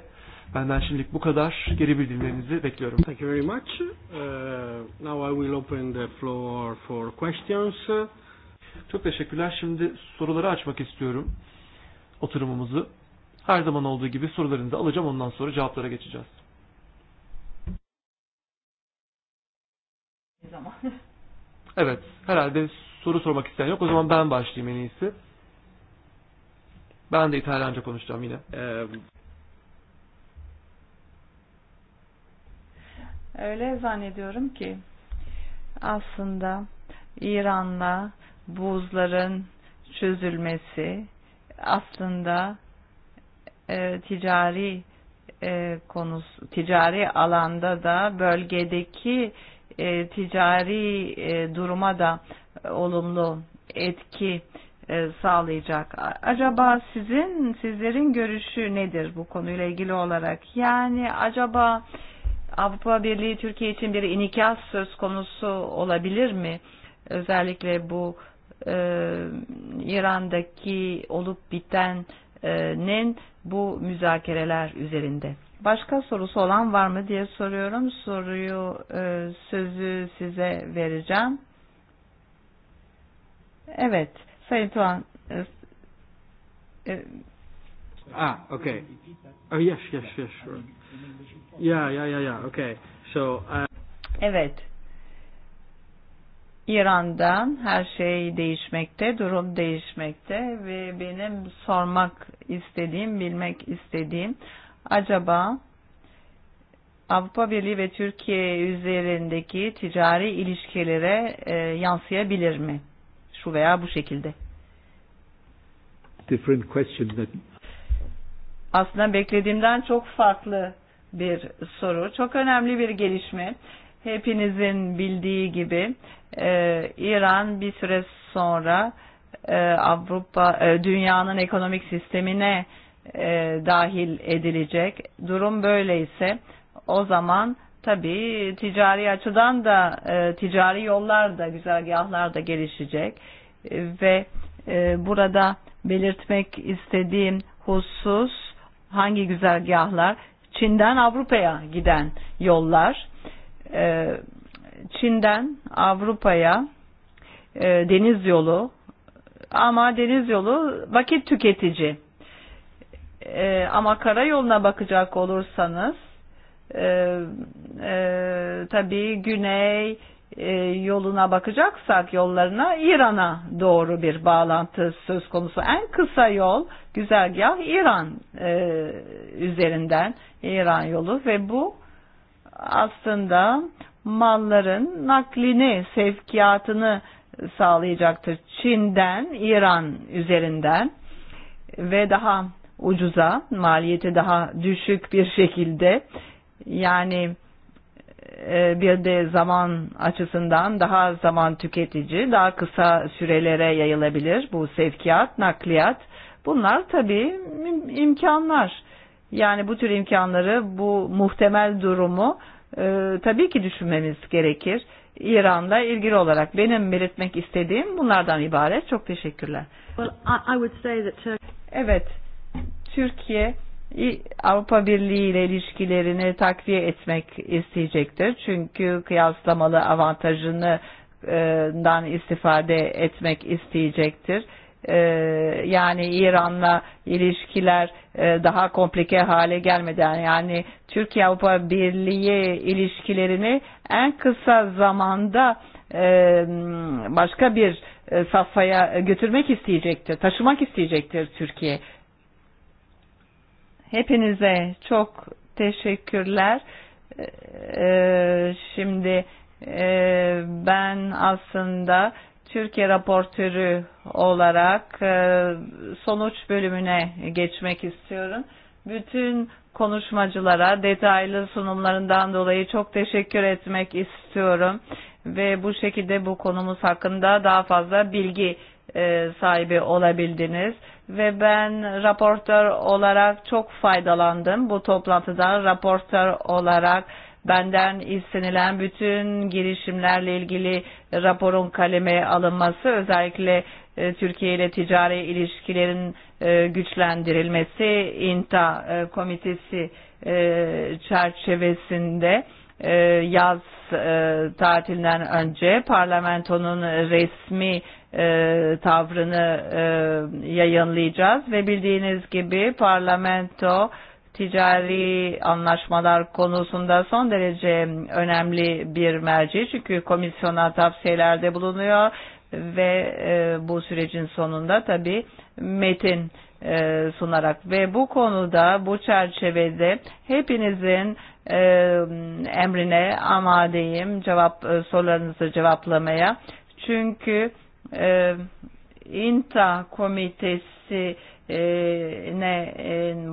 Benden şimdilik bu kadar. Geri bildirimlerinizi bekliyorum. Thank you very much. Uh, now I will open the floor for questions. Çok teşekkürler. Şimdi soruları açmak istiyorum. Oturumumuzu. Her zaman olduğu gibi sorularını da alacağım. Ondan sonra cevaplara geçeceğiz. evet. Herhalde soru sormak isteyen yok. O zaman ben başlayayım en iyisi. Ben de İtalyanca konuşacağım yine. Ee, ehm, Öyle zannediyorum ki aslında İran'la buzların çözülmesi aslında e, ticari e, konusu ticari alanda da bölgedeki e, ticari e, duruma da e, olumlu etki e, sağlayacak. Acaba sizin sizlerin görüşü nedir bu konuyla ilgili olarak? Yani acaba e, Avrupa Birliği Türkiye için bir inikas söz konusu olabilir mi? Özellikle bu e, İran'daki olup bitenin bu müzakereler üzerinde. Başka sorusu olan var mı diye soruyorum. Soruyu e, sözü size vereceğim. Evet, Sayın Tuan. E, e, ah, okay. Oh, yes, yes, yes, sure. Yeah, yeah, yeah, yeah, okay. So, uh... Evet. İran'dan her şey değişmekte, durum değişmekte ve benim sormak istediğim, bilmek istediğim acaba Avrupa Birliği ve Türkiye üzerindeki ticari ilişkilere e, yansıyabilir mi? Şu veya bu şekilde. Different question that... Aslında beklediğimden çok farklı bir soru. Çok önemli bir gelişme. Hepinizin bildiği gibi e, İran bir süre sonra e, Avrupa e, dünyanın ekonomik sistemine e, dahil edilecek. Durum böyleyse o zaman tabii ticari açıdan da e, ticari yollar da güzergahlar da gelişecek e, ve e, burada belirtmek istediğim husus hangi güzergahlar Çin'den Avrupa'ya giden yollar, e, Çin'den Avrupa'ya e, deniz yolu ama deniz yolu vakit tüketici. E, ama karayoluna bakacak olursanız tabii güney, E, yoluna bakacaksak yollarına İran'a doğru bir bağlantı söz konusu. En kısa yol güzergah İran e, üzerinden İran yolu ve bu aslında malların naklini, sevkiyatını sağlayacaktır. Çin'den, İran üzerinden ve daha ucuza, maliyeti daha düşük bir şekilde yani E, bir de zaman açısından daha zaman tüketici, daha kısa sürelere yayılabilir bu sevkiyat, nakliyat. Bunlar tabii imkanlar. Yani bu tür imkanları, bu muhtemel durumu e, tabii ki düşünmemiz gerekir. İran'la ilgili olarak benim belirtmek istediğim bunlardan ibaret. Çok teşekkürler. Well, I, I Evet, Türkiye Avrupa Birliği ile ilişkilerini takviye etmek isteyecektir. Çünkü kıyaslamalı avantajını eh, dan istifade etmek isteyecektir. Eh, yani İran'la ilişkiler eh, daha komplike hale gelmeden yani Türkiye Avrupa Birliği ilişkilerini en kısa zamanda başka bir safhaya götürmek isteyecektir, taşımak isteyecektir Türkiye. Hepinize çok teşekkürler. Ee, şimdi e, ben aslında Türkiye raportörü olarak e, sonuç bölümüne geçmek istiyorum. Bütün konuşmacılara detaylı sunumlarından dolayı çok teşekkür etmek istiyorum ve bu şekilde bu konumuz hakkında daha fazla bilgi E, sahibi olabildiniz ve ben raportör olarak çok faydalandım bu toplantıdan raportör olarak benden istenilen bütün girişimlerle ilgili raporun kaleme alınması özellikle e, Türkiye ile ticari ilişkilerin e, güçlendirilmesi INTA komitesi çerçevesinde yaz tatilinden önce parlamentonun resmi e, tavrını e, yayınlayacağız ve bildiğiniz gibi parlamento ticari anlaşmalar konusunda son derece önemli bir merci çünkü komisyona tavsiyelerde bulunuyor ve e, bu sürecin sonunda tabi metin e, sunarak ve bu konuda bu çerçevede hepinizin e, emrine amadeyim cevap e, sorularınızı cevaplamaya çünkü e, Eh, inta komitesi eh, ne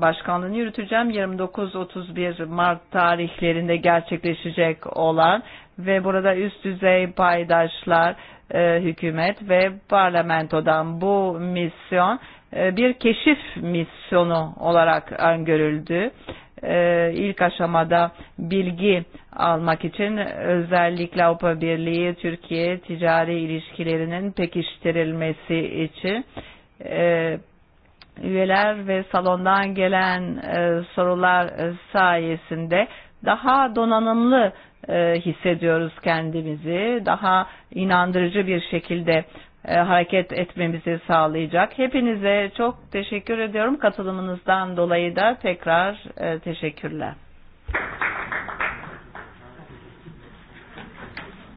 başkanlığını yürüteceğim. 29-31 Mart tarihlerinde gerçekleşecek olan ve burada üst düzey paydaşlar, eh, hükümet ve parlamentodan bu misyon bir keşif misyonu olarak öngörüldü. E, ilk aşamada bilgi almak için özellikle Avrupa Birliği Türkiye ticari ilişkilerinin pekiştirilmesi için e, üyeler ve salondan gelen e, sorular sayesinde daha donanımlı hissediyoruz kendimizi, daha inandırıcı bir şekilde hareket etmemizi sağlayacak. Hepinize çok teşekkür ediyorum. Katılımınızdan dolayı da tekrar e, teşekkürler.